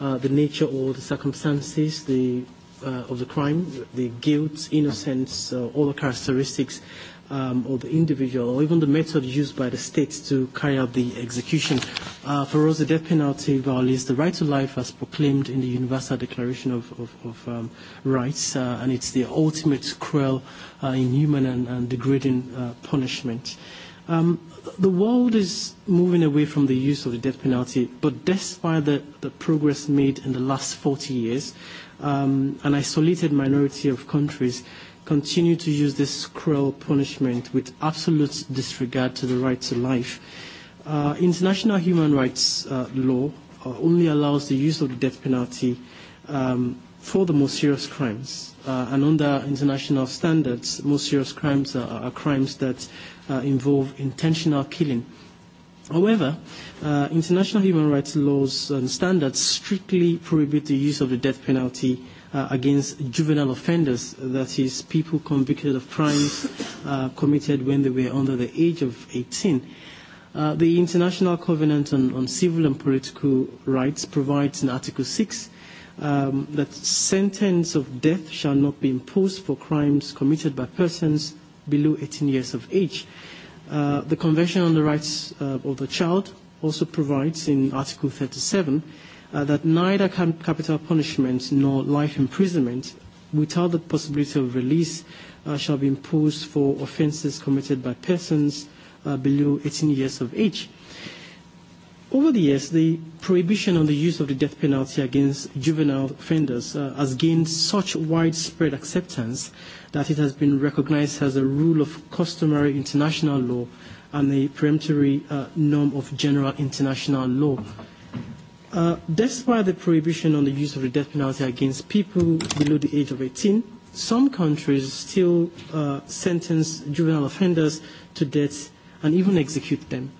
uh, the nature or the circumstances the, uh, of the crime, the guilt, innocence, uh, all the characteristics um, or the individual or even the method used by the states to carry out the execution. Uh, for us, the death penalty violates the right to life as proclaimed in the Universal Declaration of, of, of um, Rights, uh, and it's the ultimate cruel, uh, inhuman, and, and degrading uh, punishment. Um, the world is moving away from the use of the death penalty, but despite the, the progress made in the last 40 years, um, an isolated minority of countries continue to use this cruel punishment with absolute disregard to the right to life. Uh, international human rights uh, law uh, only allows the use of the death penalty um, for the most serious crimes. Uh, and under international standards, most serious crimes are, are crimes that uh, involve intentional killing. However, uh, international human rights laws and standards strictly prohibit the use of the death penalty uh, against juvenile offenders, that is, people convicted of crimes uh, committed when they were under the age of 18. Uh, the International Covenant on, on Civil and Political Rights provides in Article 6 um, that sentence of death shall not be imposed for crimes committed by persons below 18 years of age. Uh, the Convention on the Rights uh, of the Child also provides in Article 37 Uh, that neither capital punishment nor life imprisonment without the possibility of release uh, shall be imposed for offences committed by persons uh, below 18 years of age. Over the years, the prohibition on the use of the death penalty against juvenile offenders uh, has gained such widespread acceptance that it has been recognized as a rule of customary international law and a peremptory uh, norm of general international law. Uh, the prohibition on the use of the death penalty against people below the age of 18, some countries still uh, sentence juvenile offenders to death and even execute them.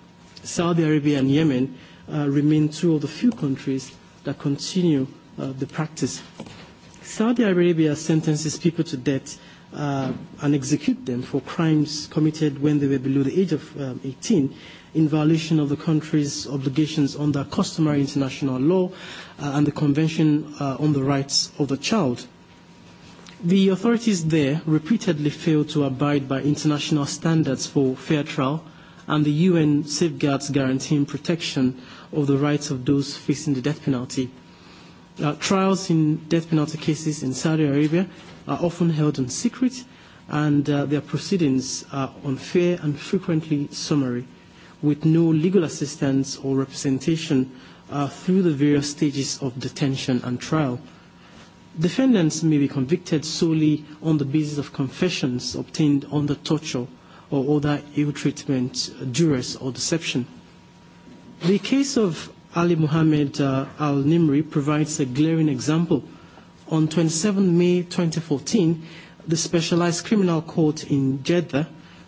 Saudi Arabia and Yemen uh, remain two of the few countries that continue uh, the practice. Saudi Arabia sentences people to death uh, and execute them for crimes committed when they were below the age of um, 18 in violation of the country's obligations under customary international law uh, and the Convention uh, on the Rights of the Child. The authorities there repeatedly failed to abide by international standards for fair trial and the UN safeguards guaranteeing protection of the rights of those facing the death penalty. Uh, trials in death penalty cases in Saudi Arabia are often held in secret and uh, their proceedings are unfair and frequently summary with no legal assistance or representation uh, through the various stages of detention and trial. Defendants may be convicted solely on the basis of confessions obtained under torture or other ill treatment, uh, duress, or deception. The case of Ali Muhammad uh, Al Nimri provides a glaring example. On 27 May 2014, the Specialized Criminal Court in Jeddah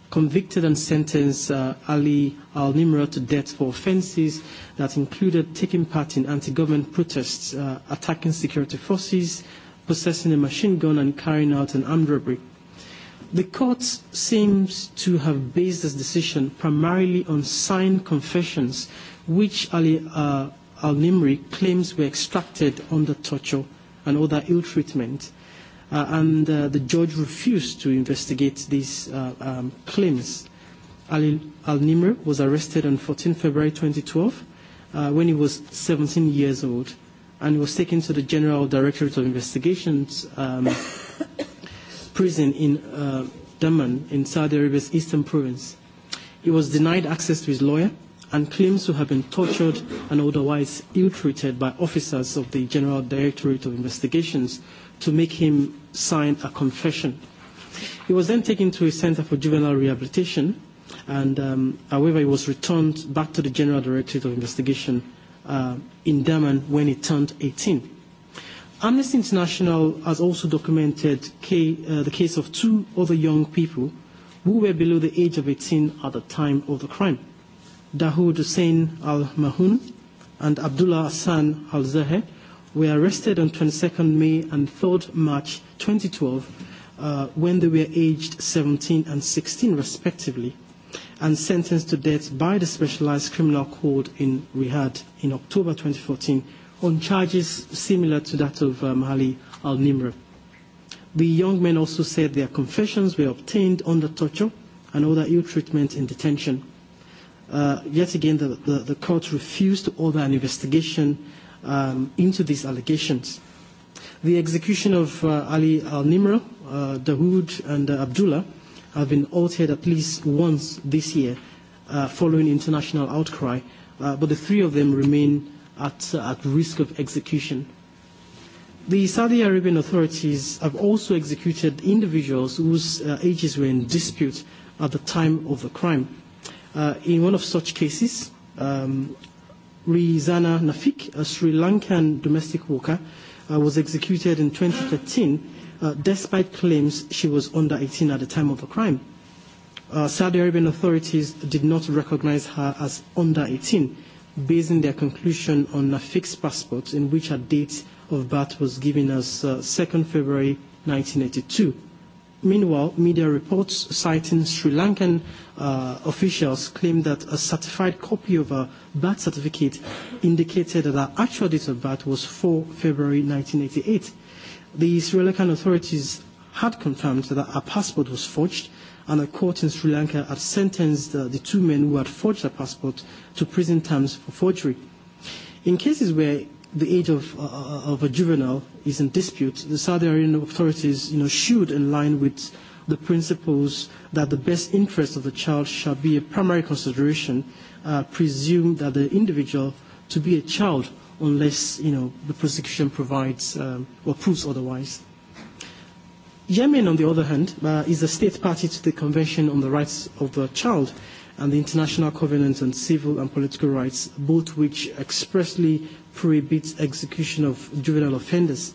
convicted and sentenced uh, Ali al Nimra to death for offences that included taking part in anti government protests, uh, attacking security forces, possessing a machine gun, and carrying out an armed robbery. The court seems to have based this decision primarily on signed confessions, which Ali uh, al Nimri claims were extracted under torture and other ill treatment uh, and uh, the judge refused to investigate these uh, um, claims. Ali Al-Nimr was arrested on 14 February 2012 uh, when he was 17 years old and was taken to the General Directorate of Investigations um, prison in uh, Daman in Saudi Arabia's eastern province. He was denied access to his lawyer and claims to have been tortured and otherwise ill-treated by officers of the General Directorate of Investigations to make him sign a confession. He was then taken to a center for juvenile rehabilitation, and um, however, he was returned back to the General Directorate of Investigation uh, in Daman when he turned 18. Amnesty International has also documented ca- uh, the case of two other young people who were below the age of 18 at the time of the crime. Dahoud Hussein al-Mahoun and Abdullah Hassan al Zahe were arrested on 22nd May and 3rd March 2012 uh, when they were aged 17 and 16 respectively and sentenced to death by the Specialized Criminal Court in Riyadh in October 2014 on charges similar to that of uh, um, Mahali al-Nimr. The young men also said their confessions were obtained under torture and other ill treatment in detention uh, yet again, the, the, the court refused to order an investigation um, into these allegations. The execution of uh, Ali al-Nimr, uh, Dawood, and uh, Abdullah have been altered at least once this year uh, following international outcry, uh, but the three of them remain at, uh, at risk of execution. The Saudi Arabian authorities have also executed individuals whose uh, ages were in dispute at the time of the crime. Uh, in one of such cases, um, Rizana Nafik, a Sri Lankan domestic worker, uh, was executed in 2013 uh, despite claims she was under 18 at the time of the crime. Uh, Saudi Arabian authorities did not recognize her as under 18, basing their conclusion on Nafik's passport, in which her date of birth was given as uh, 2nd February 1982. Meanwhile, media reports citing Sri Lankan uh, officials claim that a certified copy of a birth certificate indicated that the actual date of birth was 4 February 1988. The Sri Lankan authorities had confirmed that a passport was forged, and a court in Sri Lanka had sentenced uh, the two men who had forged a passport to prison terms for forgery. In cases where the age of, uh, uh, of a juvenile is in dispute, the Saudi Arabian authorities you know, should, in line with the principles that the best interest of the child shall be a primary consideration, uh, presume that the individual to be a child unless you know, the prosecution provides um, or proves otherwise. Yemen, on the other hand, uh, is a state party to the Convention on the Rights of the Child, and the International Covenant on Civil and Political Rights, both which expressly prohibits execution of juvenile offenders.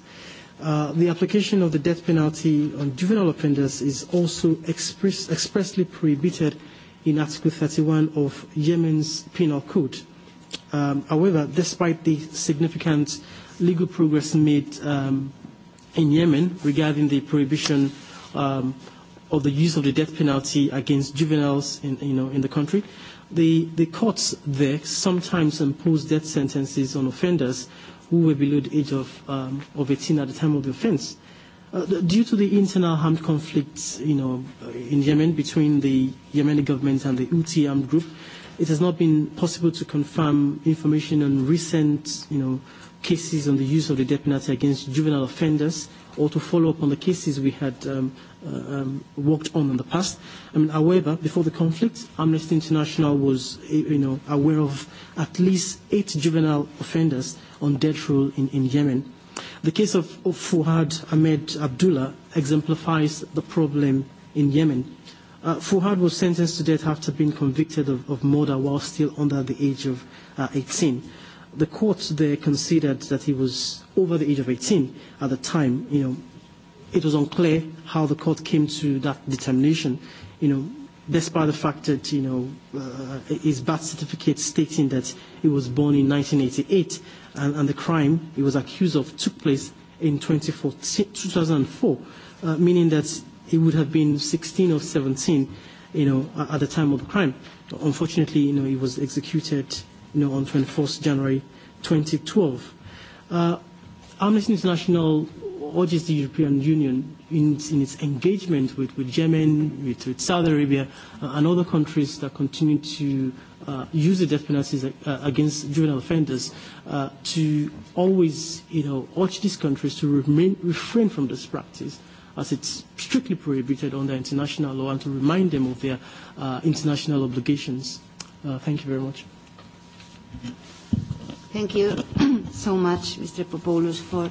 Uh, the application of the death penalty on juvenile offenders is also express, expressly prohibited in Article 31 of Yemen's Penal Code. Um, however, despite the significant legal progress made um, in Yemen regarding the prohibition um, of the use of the death penalty against juveniles in, you know, in the country. The, the courts there sometimes impose death sentences on offenders who were below the age of, um, of 18 at the time of the offense. Uh, due to the internal armed conflicts you know, in Yemen between the Yemeni government and the Houthi armed group, it has not been possible to confirm information on recent you know, cases on the use of the death penalty against juvenile offenders or to follow up on the cases we had um, uh, um, worked on in the past. I mean, however, before the conflict, Amnesty International was eh, you know, aware of at least eight juvenile offenders on death row in, in Yemen. The case of, of Fuhad Ahmed Abdullah exemplifies the problem in Yemen. Uh, Fuhad was sentenced to death after being convicted of, of murder while still under the age of uh, 18 the courts there considered that he was over the age of 18 at the time. You know, it was unclear how the court came to that determination. You know, despite the fact that you know uh, his birth certificate stating that he was born in 1988 and, and the crime he was accused of took place in 2004, uh, meaning that he would have been 16 or 17, you know, at, at the time of the crime. Unfortunately, you know, he was executed you know, on 21st January 2012. Uh, Amnesty International urges the European Union in, in its engagement with, with Yemen, with, with Saudi Arabia, uh, and other countries that continue to uh, use the death penalties uh, against juvenile offenders uh, to always, you know, urge these countries to remain, refrain from this practice as it's strictly prohibited under international law and to remind them of their uh, international obligations. Uh, thank you very much. Thank you so much, Mr. Popoulos, for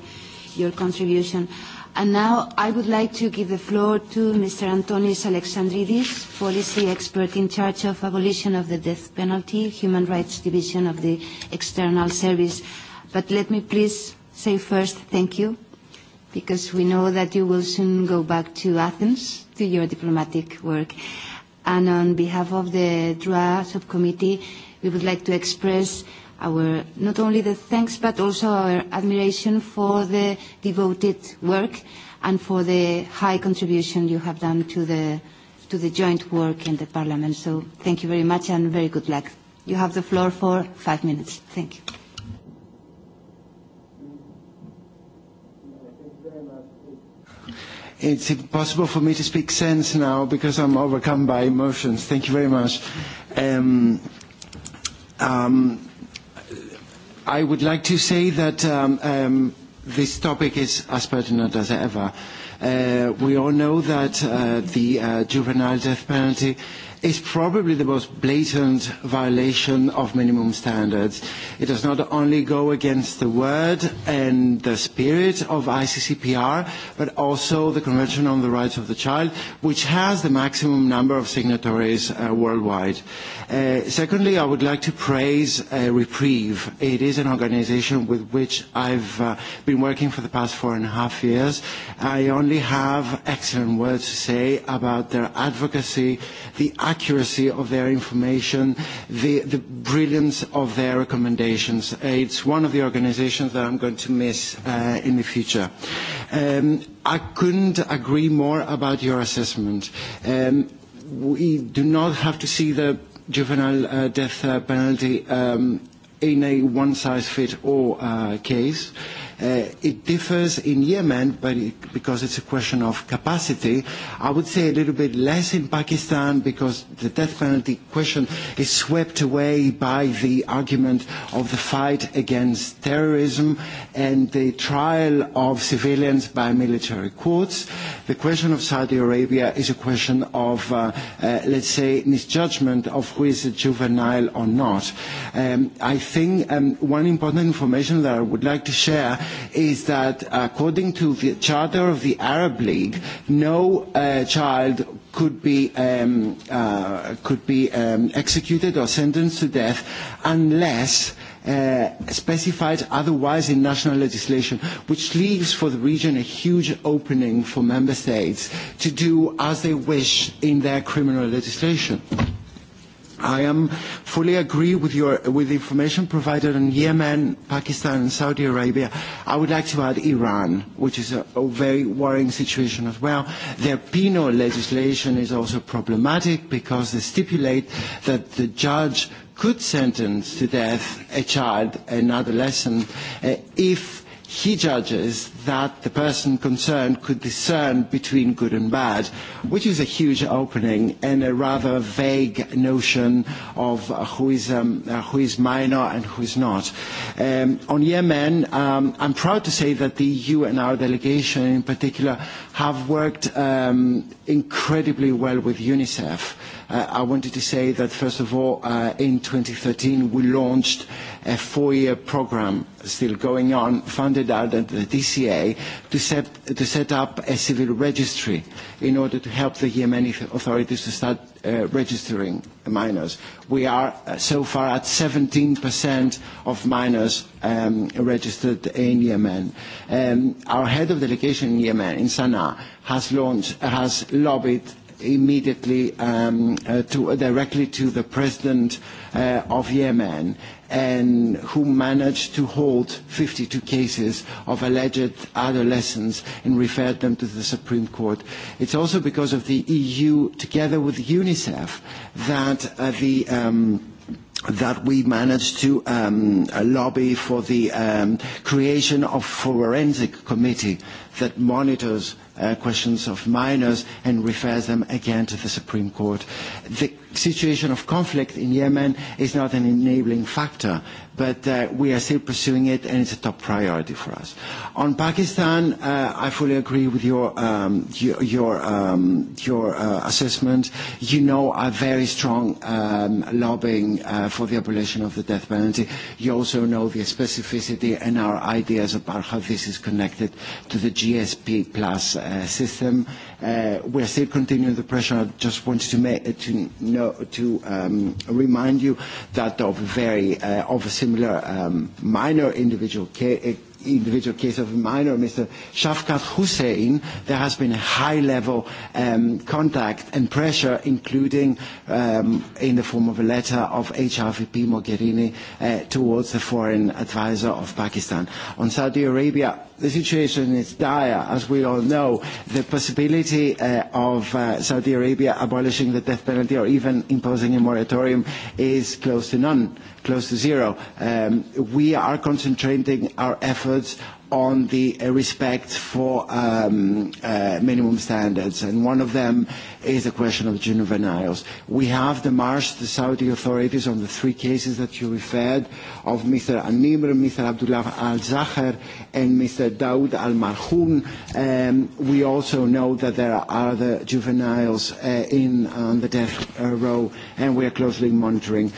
your contribution. And now I would like to give the floor to Mr. Antonis Alexandridis, policy expert in charge of abolition of the death penalty, Human Rights Division of the External Service. But let me please say first thank you, because we know that you will soon go back to Athens to your diplomatic work. And on behalf of the DRA subcommittee, we would like to express our not only the thanks but also our admiration for the devoted work and for the high contribution you have done to the to the joint work in the Parliament. So thank you very much and very good luck. You have the floor for five minutes. Thank you. It's impossible for me to speak sense now because I'm overcome by emotions. Thank you very much. Um, Um, I would like to say that um, um, this topic is as pertinent as ever. Uh, we all know that uh, the uh, juvenile death penalty is probably the most blatant violation of minimum standards. It does not only go against the word and the spirit of ICCPR, but also the Convention on the Rights of the Child, which has the maximum number of signatories uh, worldwide. Uh, secondly, I would like to praise uh, Reprieve. It is an organization with which I've uh, been working for the past four and a half years. I only have excellent words to say about their advocacy, the accuracy of their information, the, the brilliance of their recommendations. it's one of the organizations that I'm going to miss uh, in the future. Um, I couldn't agree more about your assessment. Um, we do not have to see the juvenile uh, death uh, penalty um, in a one-size-fits-all uh, case. Uh, it differs in Yemen, but it, because it's a question of capacity. I would say a little bit less in Pakistan because the death penalty question is swept away by the argument of the fight against terrorism and the trial of civilians by military courts. The question of Saudi Arabia is a question of, uh, uh, let's say, misjudgment of who is a juvenile or not. Um, I think um, one important information that I would like to share is that according to the Charter of the Arab League, no uh, child could be, um, uh, could be um, executed or sentenced to death unless Uh, specified otherwise in national legislation, which leaves for the region a huge opening for member states to do as they wish in their criminal legislation. I am fully agree with, your, with the information provided on Yemen, Pakistan and Saudi Arabia. I would like to add Iran, which is a, a very worrying situation as well. Their penal legislation is also problematic because they stipulate that the judge could sentence to death a child, an adolescent, uh, if he judges that the person concerned could discern between good and bad, which is a huge opening and a rather vague notion of uh, who, is, um, uh, who is minor and who is not. Um, on Yemen, um, I'm proud to say that the EU and our delegation in particular have worked um, incredibly well with UNICEF. Uh, I wanted to say that, first of all, uh, in 2013, we launched a four-year program still going on, funded out at the DCA, to set, to set up a civil registry in order to help the Yemeni authorities to start uh, registering minors. We are uh, so far at 17% of minors um, registered in Yemen. Um, our head of delegation in Yemen, in Sana'a, has, launched, has lobbied immediately um, uh, to, uh, directly to the president uh, of Yemen and who managed to hold 52 cases of alleged adolescents and referred them to the Supreme Court. It's also because of the EU, together with UNICEF, that uh, the um, that we managed to um, lobby for the um, creation of forensic committee that monitors Uh, questions of minors and refers them again to the Supreme Court. The situation of conflict in Yemen is not an enabling factor, but uh, we are still pursuing it and it's a top priority for us. On Pakistan, uh, I fully agree with your, um, your, your, um, your uh, assessment. You know a very strong um, lobbying uh, for the abolition of the death penalty. You also know the specificity and our ideas about how this is connected to the GSP plus uh, system. Uh, we're still continuing the pressure. I just wanted to, make, to know to um, remind you that of very, uh, of a similar um, minor individual individual case of a minor, Mr. Shafkat Hussein, there has been a high-level um, contact and pressure, including um, in the form of a letter of HRVP Mogherini uh, towards the foreign advisor of Pakistan. On Saudi Arabia, the situation is dire, as we all know. The possibility uh, of uh, Saudi Arabia abolishing the death penalty or even imposing a moratorium is close to none close to zero. Um, we are concentrating our efforts on the uh, respect for um, uh, minimum standards, and one of them is the question of juveniles. We have demarched the Saudi authorities on the three cases that you referred of Mr. Animr, Mr. Abdullah Al-Zahar, and Mr. Daoud Al-Marhoun. Um, we also know that there are other juveniles uh, in, on the death uh, row, and we are closely monitoring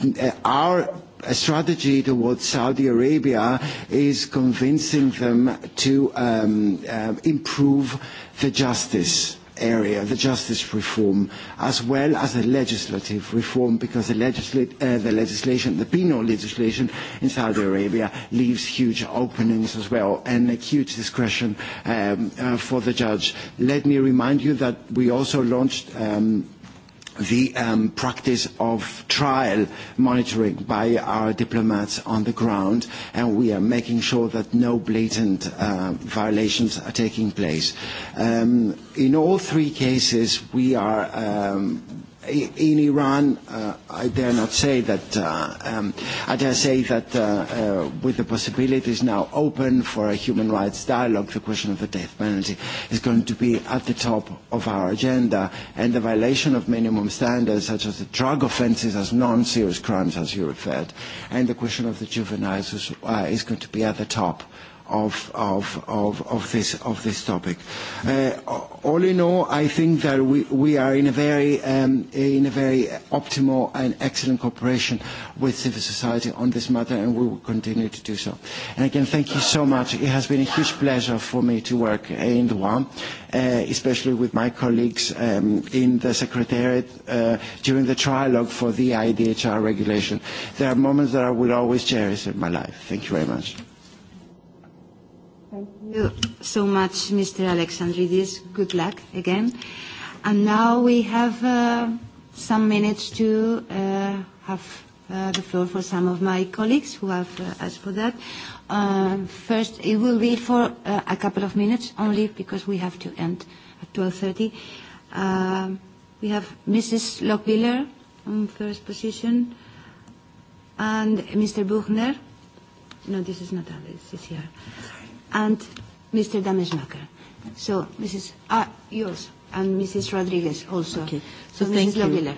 Uh, our strategy towards Saudi Arabia is convincing them to um, uh, improve the justice area, the justice reform, as well as the legislative reform, because the, legisla- uh, the legislation, the penal legislation in Saudi Arabia leaves huge openings as well and a huge discretion um, uh, for the judge. Let me remind you that we also launched um, the um, practice of trial monitoring by our diplomats on the ground, and we are making sure that no blatant uh, violations are taking place. Um, in all three cases, we are um, in Iran, uh, I dare not say that. Uh, um, I dare say that uh, uh, with the possibilities now open for a human rights dialogue, the question of the death penalty is going to be at the top of our agenda, and the violation of minimum standards, such as the drug offences as non-serious crimes, as you referred, and the question of the juveniles is, uh, is going to be at the top of, of, of, of, this, of this topic. Uh, all in all, I think that we, we are in a very, um, in a very optimal and excellent cooperation with civil society on this matter, and we will continue to do so. And again, thank you so much. It has been a huge pleasure for me to work in the WAM, uh, especially with my colleagues um, in the Secretariat uh, during the trilogue for the IDHR regulation. There are moments that I will always cherish in my life. Thank you very much. Thank you so much, Mr. Alexandridis. Good luck again. And now we have uh, some minutes to uh, have uh, the floor for some of my colleagues who have uh, asked for that. Uh, first, it will be for uh, a couple of minutes only because we have to end at 12.30. Uh, um, we have Mrs. Lockbiller in first position and Mr. Buchner. No, this is not Alice, it's here and Mr. Damesmaker. So, Mrs. Ah, yours and Mrs. Rodriguez also. Okay. So, so thank Mrs. Loveler.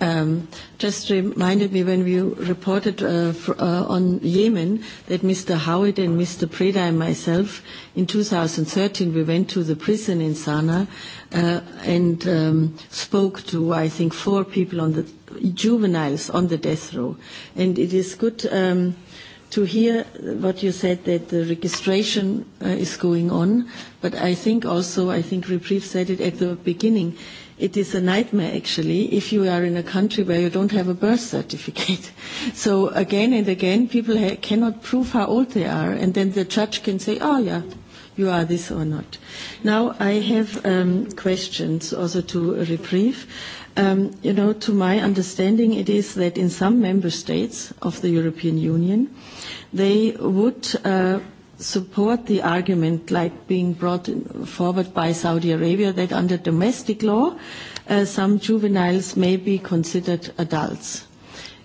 Um, just reminded me when we reported uh, for, uh, on Yemen that Mr. Howitt and Mr. Preda and myself in 2013 we went to the prison in Sana'a uh, and um, spoke to I think four people on the juveniles on the death row, and it is good. Um, to hear what you said that the registration uh, is going on, but I think also, I think Reprieve said it at the beginning, it is a nightmare actually if you are in a country where you don't have a birth certificate. So again and again, people ha- cannot prove how old they are, and then the judge can say, oh yeah, you are this or not. Now I have um, questions also to Reprieve. Um, you know, to my understanding, it is that in some member states of the European Union, they would uh, support the argument like being brought forward by Saudi Arabia that under domestic law, uh, some juveniles may be considered adults.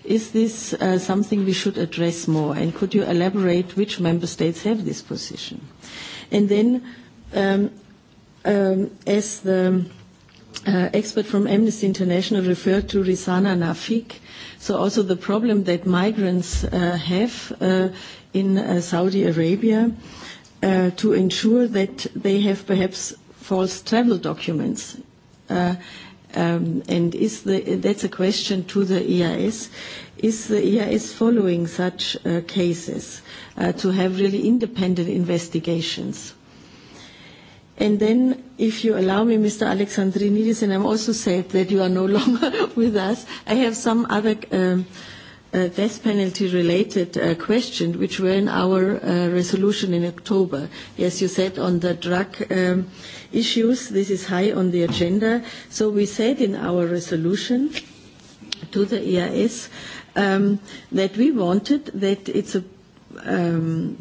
Is this uh, something we should address more? And could you elaborate which member states have this position? And then, um, um, as the uh, expert from Amnesty International referred to Risana Nafik, so also the problem that migrants uh, have uh, in uh, Saudi Arabia uh, to ensure that they have perhaps false travel documents. Uh, um, and is the, that's a question to the EIS. Is the EIS following such uh, cases uh, to have really independent investigations? And then, if you allow me, Mr. Alexandrinidis, and I'm also sad that you are no longer with us, I have some other um, uh, death penalty related uh, questions which were in our uh, resolution in October. Yes, you said on the drug um, issues, this is high on the agenda. So we said in our resolution to the EIS um, that we wanted that it's a um,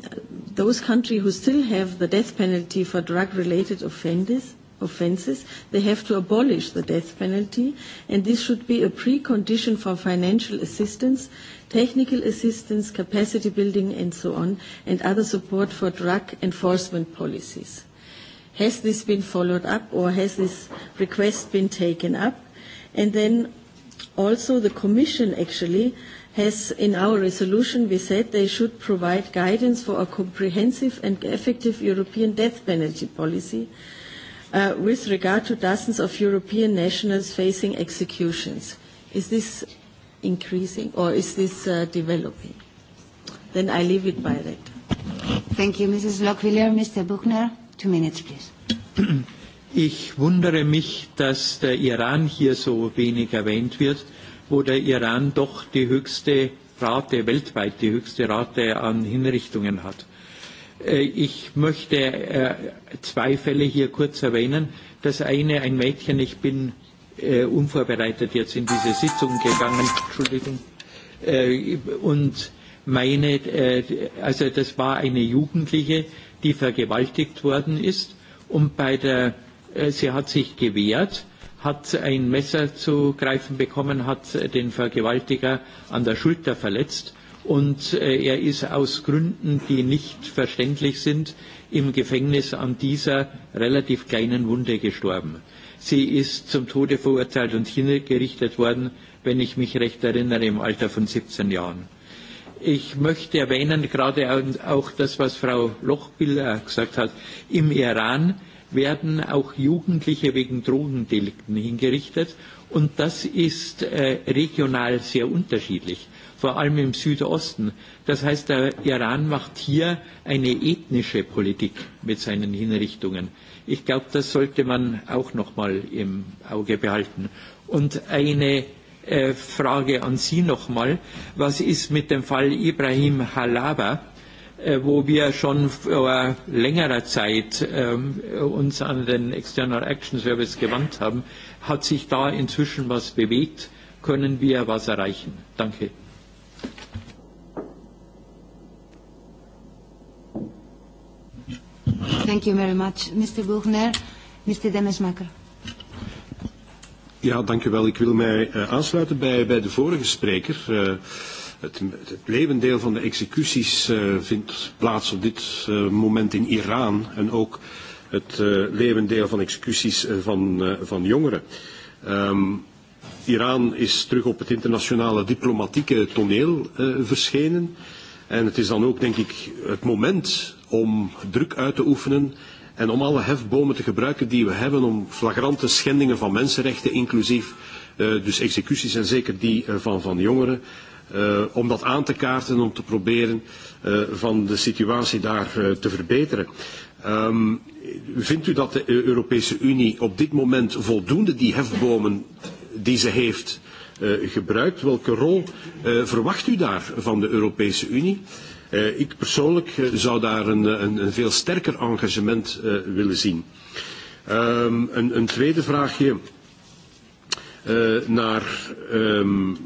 those countries who still have the death penalty for drug-related offenses, offenses, they have to abolish the death penalty, and this should be a precondition for financial assistance, technical assistance, capacity building, and so on, and other support for drug enforcement policies. Has this been followed up, or has this request been taken up? And then also the Commission actually has, in our resolution, we said they should provide guidance for a comprehensive and effective European death penalty policy uh, with regard to dozens of European nationals facing executions. Is this increasing or is this uh, developing? Then I leave it by that. Thank you, Mrs. Lockwiller. Mr. Buchner, two minutes, please. Ich wundere mich, dass der Iran hier so wenig erwähnt wird wo der Iran doch die höchste Rate, weltweit die höchste Rate an Hinrichtungen hat. Äh, ich möchte äh, zwei Fälle hier kurz erwähnen. Das eine, ein Mädchen, ich bin äh, unvorbereitet jetzt in diese Sitzung gegangen, Entschuldigung, und meine, also das war eine Jugendliche, die vergewaltigt worden ist und bei der, sie hat sich gewehrt hat ein Messer zu greifen bekommen, hat den Vergewaltiger an der Schulter verletzt und äh, er ist aus Gründen, die nicht verständlich sind, im Gefängnis an dieser relativ kleinen Wunde gestorben. Sie ist zum Tode verurteilt und hingerichtet worden, wenn ich mich recht erinnere, im Alter von 17 Jahren. Ich möchte erwähnen, gerade auch das, was Frau Lochbiller gesagt hat, im Iran werden auch Jugendliche wegen Drogendelikten hingerichtet. Und das ist äh, regional sehr unterschiedlich, vor allem im Südosten. Das heißt, der Iran macht hier eine ethnische Politik mit seinen Hinrichtungen. Ich glaube, das sollte man auch noch mal im Auge behalten. Und eine äh, Frage an Sie noch mal. Was ist mit dem Fall Ibrahim Halawa? Äh, wo wir schon vor längerer Zeit ähm, uns an den External Action Service gewandt haben. Hat sich da inzwischen was bewegt? Können wir was erreichen? Danke. Thank you very much. Mr. Buchner, Mr. Demesmaker. Ja, dank u wel. Ik wil mij uh, aansluiten bij, bij de vorige spreker. Uh, Het, het levendeel van de executies uh, vindt plaats op dit uh, moment in Iran en ook het uh, levendeel van executies uh, van, uh, van jongeren. Um, Iran is terug op het internationale diplomatieke toneel uh, verschenen. En het is dan ook, denk ik, het moment om druk uit te oefenen en om alle hefbomen te gebruiken die we hebben om flagrante schendingen van mensenrechten, inclusief uh, dus executies en zeker die uh, van, van jongeren, uh, om dat aan te kaarten en om te proberen uh, van de situatie daar uh, te verbeteren. Um, vindt u dat de Europese Unie op dit moment voldoende die hefbomen die ze heeft uh, gebruikt? Welke rol uh, verwacht u daar van de Europese Unie? Uh, ik persoonlijk uh, zou daar een, een, een veel sterker engagement uh, willen zien. Um, een, een tweede vraagje uh, naar um,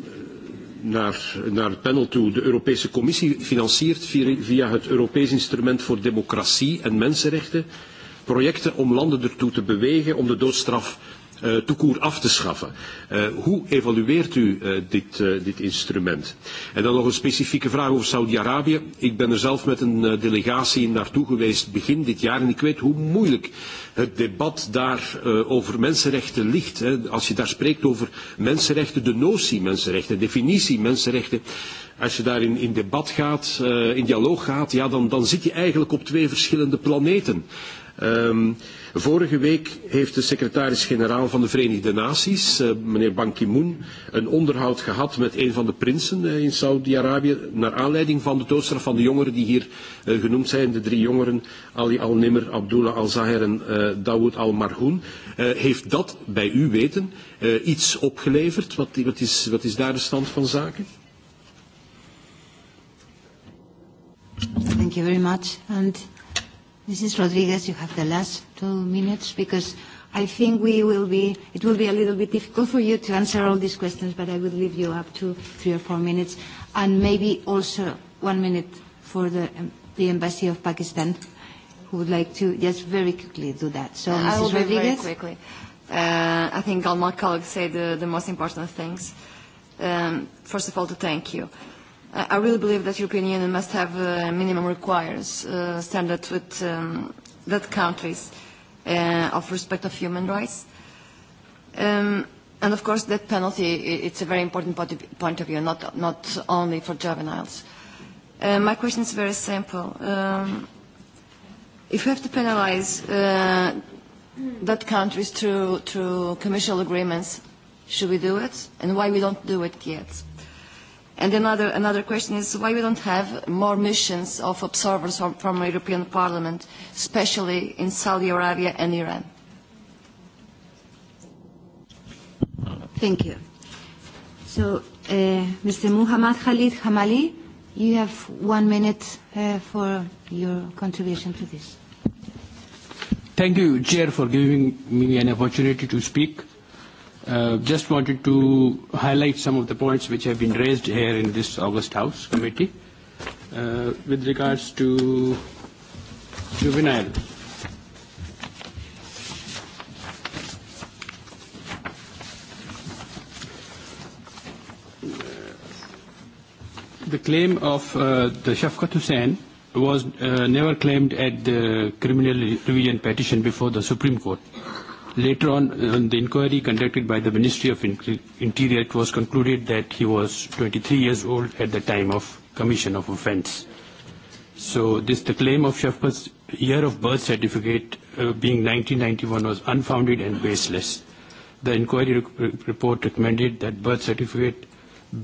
naar, naar het panel toe. De Europese Commissie financiert via het Europees Instrument voor Democratie en Mensenrechten projecten om landen ertoe te bewegen om de doodstraf uh, te koer af te schaffen. Uh, hoe evalueert u uh, dit, uh, dit instrument? En dan nog een specifieke vraag over Saudi-Arabië. Ik ben er zelf met een uh, delegatie naartoe geweest begin dit jaar en ik weet hoe moeilijk het debat daar uh, over mensenrechten ligt. Hè. Als je daar spreekt over mensenrechten, de notie mensenrechten, de definitie mensenrechten, als je daar in, in debat gaat, uh, in dialoog gaat, ja, dan, dan zit je eigenlijk op twee verschillende planeten. Um, vorige week heeft de secretaris-generaal van de Verenigde Naties, uh, meneer Ban Ki-moon, een onderhoud gehad met een van de prinsen uh, in Saudi-Arabië, naar aanleiding van de doodstraf van de jongeren die hier uh, genoemd zijn, de drie jongeren, Ali al-Nimr, Abdullah al-Zahir en uh, Dawood al-Marhoen. Uh, heeft dat, bij uw weten, uh, iets opgeleverd? Wat, wat, is, wat is daar de stand van zaken? Thank you very much. And Mrs. Rodriguez, you have the last two minutes because I think we will be, it will be a little bit difficult for you to answer all these questions, but I will leave you up to three or four minutes and maybe also one minute for the, um, the Embassy of Pakistan who would like to just very quickly do that. So, Mrs. I will Rodriguez? Be very quickly. Uh, I think all my colleagues said the, the most important things. Um, first of all, to thank you. Uh, i really believe that European Union must have uh, minimum requires uh, standard with um, that countries uh, of respect of human rights. Um, and of course, that penalty, it's a very important point of view, not, not only for juveniles. Uh, my question is very simple. Um, if we have to penalize uh, that countries through, through commercial agreements, should we do it? And why we don't do it yet? And another, another question is why we don't have more missions of observers from, from European Parliament, especially in Saudi Arabia and Iran? Thank you. So, uh, Mr. Muhammad Khalid Hamali, you have one minute uh, for your contribution to this. Thank you, Chair, for giving me an opportunity to speak. Uh, just wanted to highlight some of the points which have been raised here in this August House committee uh, with regards to juvenile. The claim of uh, the Shafqat Hussain was uh, never claimed at the criminal revision petition before the Supreme Court. Later on, on uh, the inquiry conducted by the Ministry of Interior, it was concluded that he was 23 years old at the time of commission of offence. So this, the claim of Shafqat's year of birth certificate uh, being 1991 was unfounded and baseless. The inquiry re report recommended that birth certificate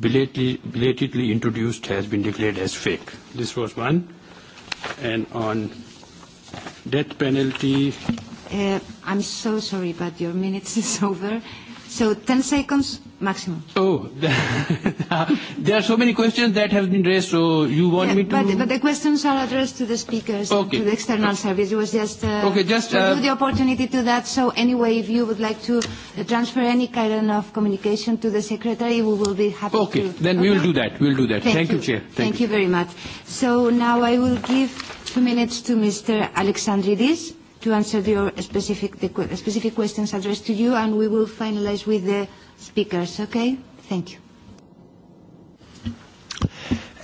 belatedly, belatedly introduced has been declared as fake. This was one. And on death penalty, Uh, I'm so sorry, but your minutes is over. So 10 seconds maximum. Oh, there are so many questions that have been raised, so you want yeah, me to... But, but the questions are addressed to the speakers, okay. to the external service. It was just uh, okay, just, to uh, give the opportunity to that. So anyway, if you would like to uh, transfer any kind of communication to the secretary, we will be happy okay, to... Then okay, then we will do that. We will do that. Thank, Thank you. you, Chair. Thank, Thank you. you very much. So now I will give two minutes to Mr. Alexandridis to answer your specific, questions addressed to you, and we will finalize with the speakers, okay? Thank you.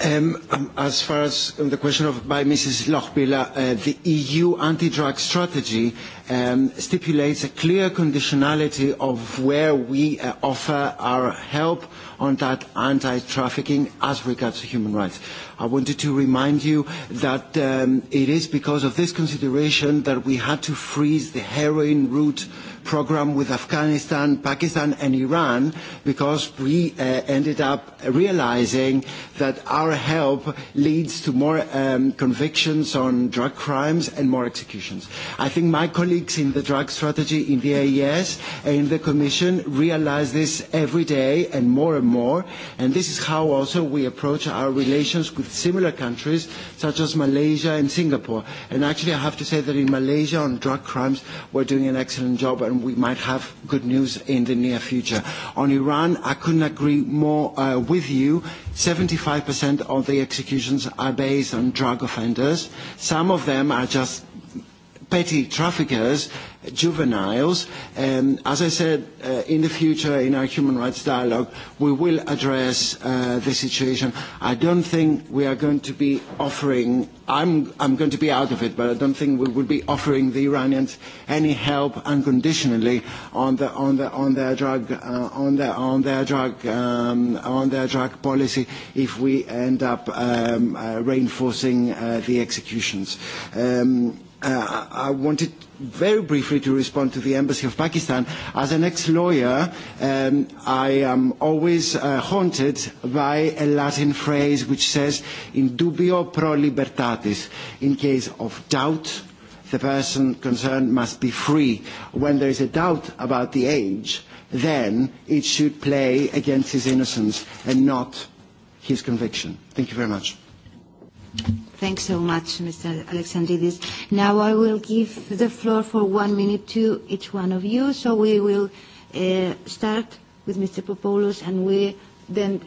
Um, um, as far as um, the question of by Mrs. Lochbihler, uh, the EU anti-drug strategy um, stipulates a clear conditionality of where we uh, offer our help on that anti-trafficking as regards to human rights. I wanted to remind you that um, it is because of this consideration that we had to freeze the heroin route program with Afghanistan, Pakistan and Iran because we uh, ended up realizing that our help leads to more um, convictions on drug crimes and more executions. I think my colleagues in the drug strategy in the AES and in the Commission realize this every day and more and more and this is how also we approach our relations with similar countries such as Malaysia and Singapore. And actually I have to say that in Malaysia on drug crimes we're doing an excellent job and we might have good news in the near future. On Iran, I couldn't agree more uh, with you. 75% of the executions are based on drug offenders. Some of them are just petty traffickers juveniles. Um, as I said, uh, in the future, in our human rights dialogue, we will address uh, the situation. I don't think we are going to be offering, I'm, I'm going to be out of it, but I don't think we will be offering the Iranians any help unconditionally on, the, on, the, on their drug, uh, on, their on, their drug, um, on their drug policy if we end up um, uh, reinforcing uh, the executions. Um, Uh, I wanted very briefly to respond to the Embassy of Pakistan. As an ex-lawyer, um, I am always uh, haunted by a Latin phrase which says, in dubio pro libertatis, in case of doubt, the person concerned must be free. When there is a doubt about the age, then it should play against his innocence and not his conviction. Thank you very much. Thanks so much, Mr. Alexandridis. Now I will give the floor for one minute to each one of you. So we will uh, start with Mr. Popoulos and we then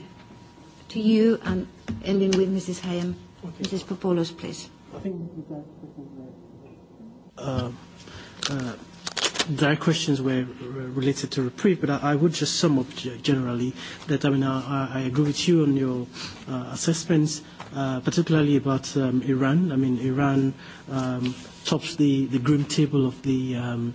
to you and ending with Mrs. Hayam. Okay. Mrs. Popoulos, please. I think uh, uh, direct questions were uh, related to reprieve, but I, I would just sum up generally that I mean I, I agree with you on your uh, assessments, uh, particularly about um, Iran. I mean Iran um, tops the, the grim table of the um,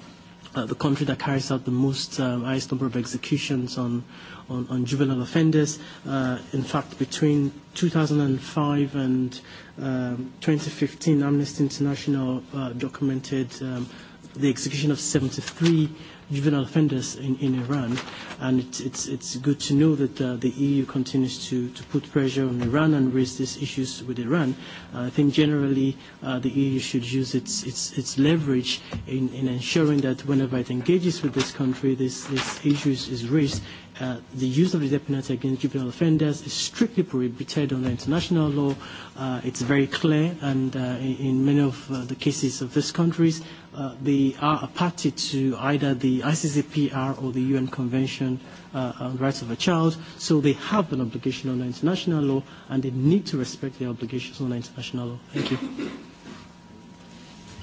uh, the country that carries out the most um highest number of executions on on, on juvenile offenders. Uh, in fact, between 2005 and um, 2015, Amnesty International uh, documented. Um, the execution of 73 juvenile offenders in, in Iran. And it, it's, it's good to know that uh, the EU continues to, to put pressure on Iran and raise these issues with Iran. Uh, I think generally uh, the EU should use its, its, its leverage in, in ensuring that whenever it engages with this country, this, this issue is raised uh, the use of the death penalty against juvenile offenders is strictly prohibited under international law. Uh, it's very clear, and uh, in, in many of uh, the cases of these countries, uh, they are a party to either the ICCPR or the UN Convention uh, on Rights of a Child, so they have an obligation under international law, and they need to respect their obligations under international law. Thank you.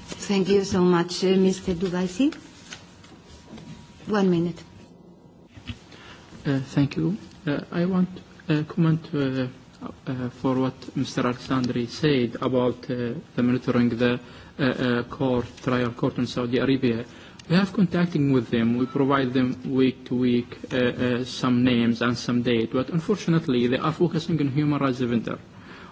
Thank you so much, uh, Mr. Duvaisi. One minute. Uh, thank you. Uh, I want to uh, comment uh, uh, for what Mr. Alexandri said about uh, the monitoring the uh, uh, court, trial court in Saudi Arabia. We have contacting with them. We provide them week to week uh, uh, some names and some date. But unfortunately, they are focusing on human rights defender.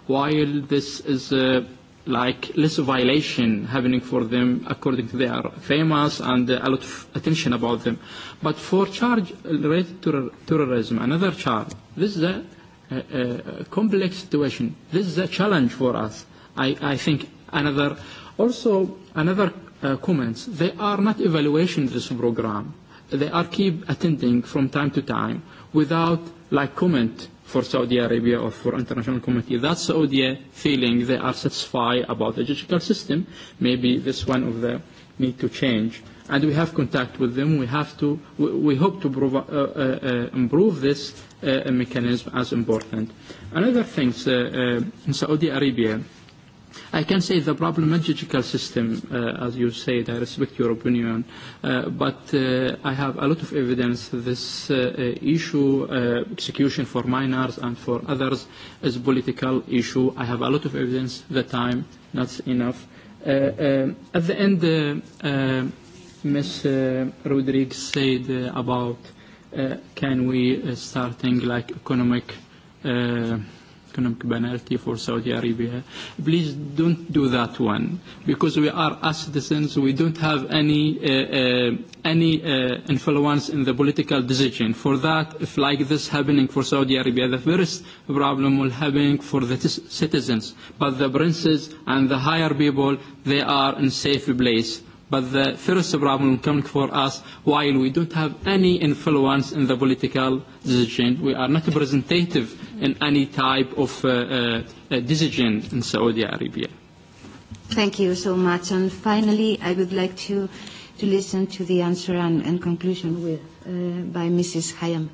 While this is uh, like less violation happening for them according to they are famous and uh, a lot of attention about them. But for charge related to terrorism, another charge, this is a, a, a complex situation. This is a challenge for us. I, I think another, also another uh, comments, they are not evaluation this program. They are keep attending from time to time without like comment for Saudi Arabia or for international community. That Saudi feeling they are satisfied about the judicial system. Maybe this one of the need to change. And we have contact with them. We have to. We, we hope to prov- uh, uh, uh, improve this uh, mechanism as important. Another thing, uh, uh, in Saudi Arabia, i can say the problem system, uh, as you said, I respect your opinion, uh, but uh, I have a lot of evidence this uh, uh issue, uh, execution for minors and for others, is a political issue. I have a lot of evidence the time, not enough. Uh, uh, at the end, uh, uh, Ms. Uh, Rodriguez said uh, about uh, can we uh, starting like economic uh, economic penalty for Saudi Arabia. Please don't do that one because we are as citizens, we don't have any, uh, uh, any uh, influence in the political decision. For that, if like this happening for Saudi Arabia, the first problem will happen for the citizens. But the princes and the higher people, they are in safe place But the first problem coming for us while we don't have any influence in the political decision. We are not representative in any type of uh, uh, decision in Saudi Arabia. Thank you so much. And finally, I would like to, to listen to the answer and, and conclusion with, uh, by Mrs. Hayam.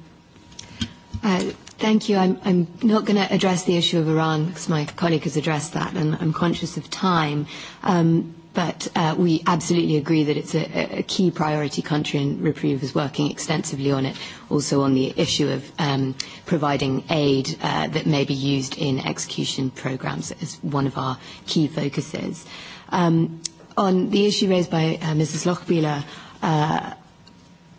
Uh, Thank you. I'm, I'm not going to address the issue of Iran because my colleague has addressed that and I'm conscious of time. Um, But uh, we absolutely agree that it's a, a key priority country, and Reprieve is working extensively on it, also on the issue of um, providing aid uh, that may be used in execution programs as one of our key focuses. Um, on the issue raised by uh, Mrs. Lochbieler, uh,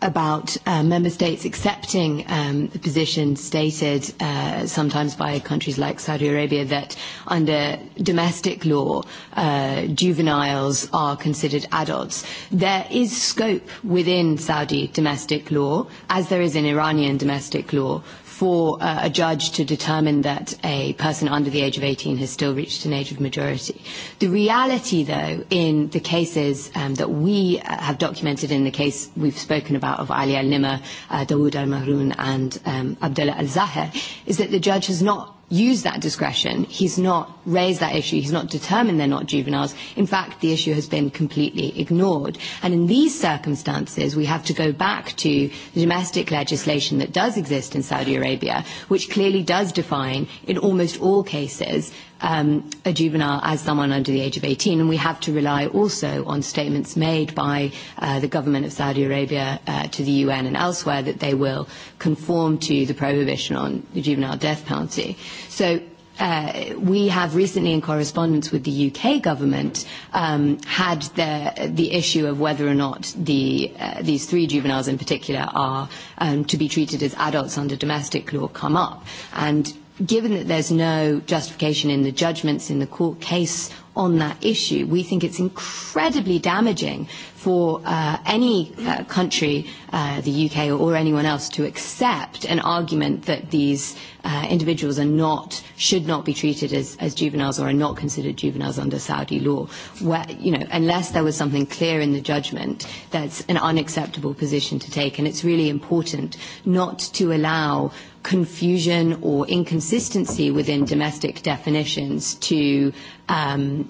about uh, member states accepting um, the position stated uh, sometimes by countries like Saudi Arabia that under domestic law, uh, juveniles are considered adults. There is scope within Saudi domestic law, as there is in Iranian domestic law, for uh, a judge to determine that a person under the age of 18 has still reached an age of majority. The reality, though, in the cases um, that we uh, have documented in the case we've spoken about of Ali al-Nima, uh, Dawood al-Mahroun and um, Abdullah al-Zahir, is that the judge has not use that discretion. He's not raised that issue. He's not determined they're not juveniles. In fact, the issue has been completely ignored. And in these circumstances, we have to go back to the domestic legislation that does exist in Saudi Arabia, which clearly does define, in almost all cases, um, a juvenile as someone under the age of 18. And we have to rely also on statements made by uh, the government of Saudi Arabia uh, to the UN and elsewhere that they will conform to the prohibition on the juvenile death penalty. So uh, we have recently, in correspondence with the UK government, um, had the, the issue of whether or not the, uh, these three juveniles in particular are um, to be treated as adults under domestic law come up. And given that there's no justification in the judgments in the court case on that issue, we think it's incredibly damaging for uh, any uh, country, uh, the UK or, or anyone else, to accept an argument that these uh, individuals are not, should not be treated as, as juveniles or are not considered juveniles under Saudi law, where, you know, unless there was something clear in the judgment. That's an unacceptable position to take, and it's really important not to allow confusion or inconsistency within domestic definitions to um,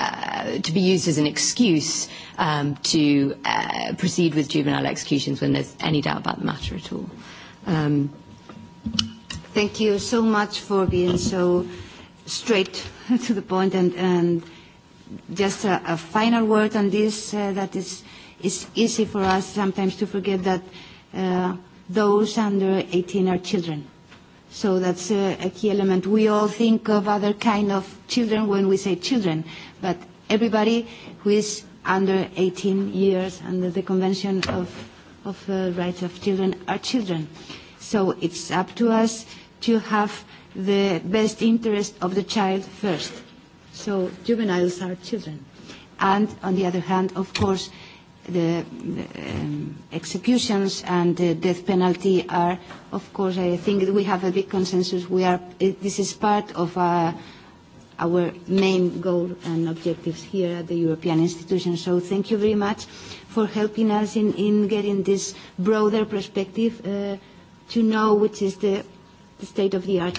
uh, to be used as an excuse um, to uh, proceed with juvenile executions when there's any doubt about the matter at all. Um, thank you so much for being so straight to the point and, and just a, a final word on this uh, that is is easy for us sometimes to forget that uh, those under 18 are children. So that's a, a key element. We all think of other kind of children when we say children, but everybody who is under 18 years under the Convention of, of uh, Rights of Children are children. So it's up to us to have the best interest of the child first. So juveniles are children. And on the other hand, of course, the um, executions and the death penalty are, of course, I think we have a big consensus. We are, this is part of uh, our main goal and objectives here at the European institution. So thank you very much for helping us in, in getting this broader perspective uh, to know which is the, the state of the art,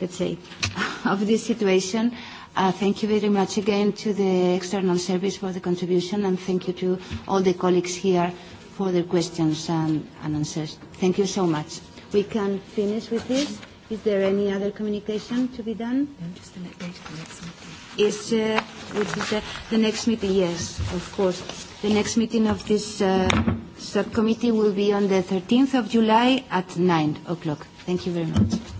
let's say, of this situation Uh, thank you very much again to the External Service for the contribution and thank you to all the colleagues here for their questions and, and answers. Thank you so much. We can finish with this. Is there any other communication to be done? just the next, meeting. Is, uh, which is the, the next meeting, yes, of course. The next meeting of this uh, subcommittee will be on the 13th of July at 9 o'clock. Thank you very much.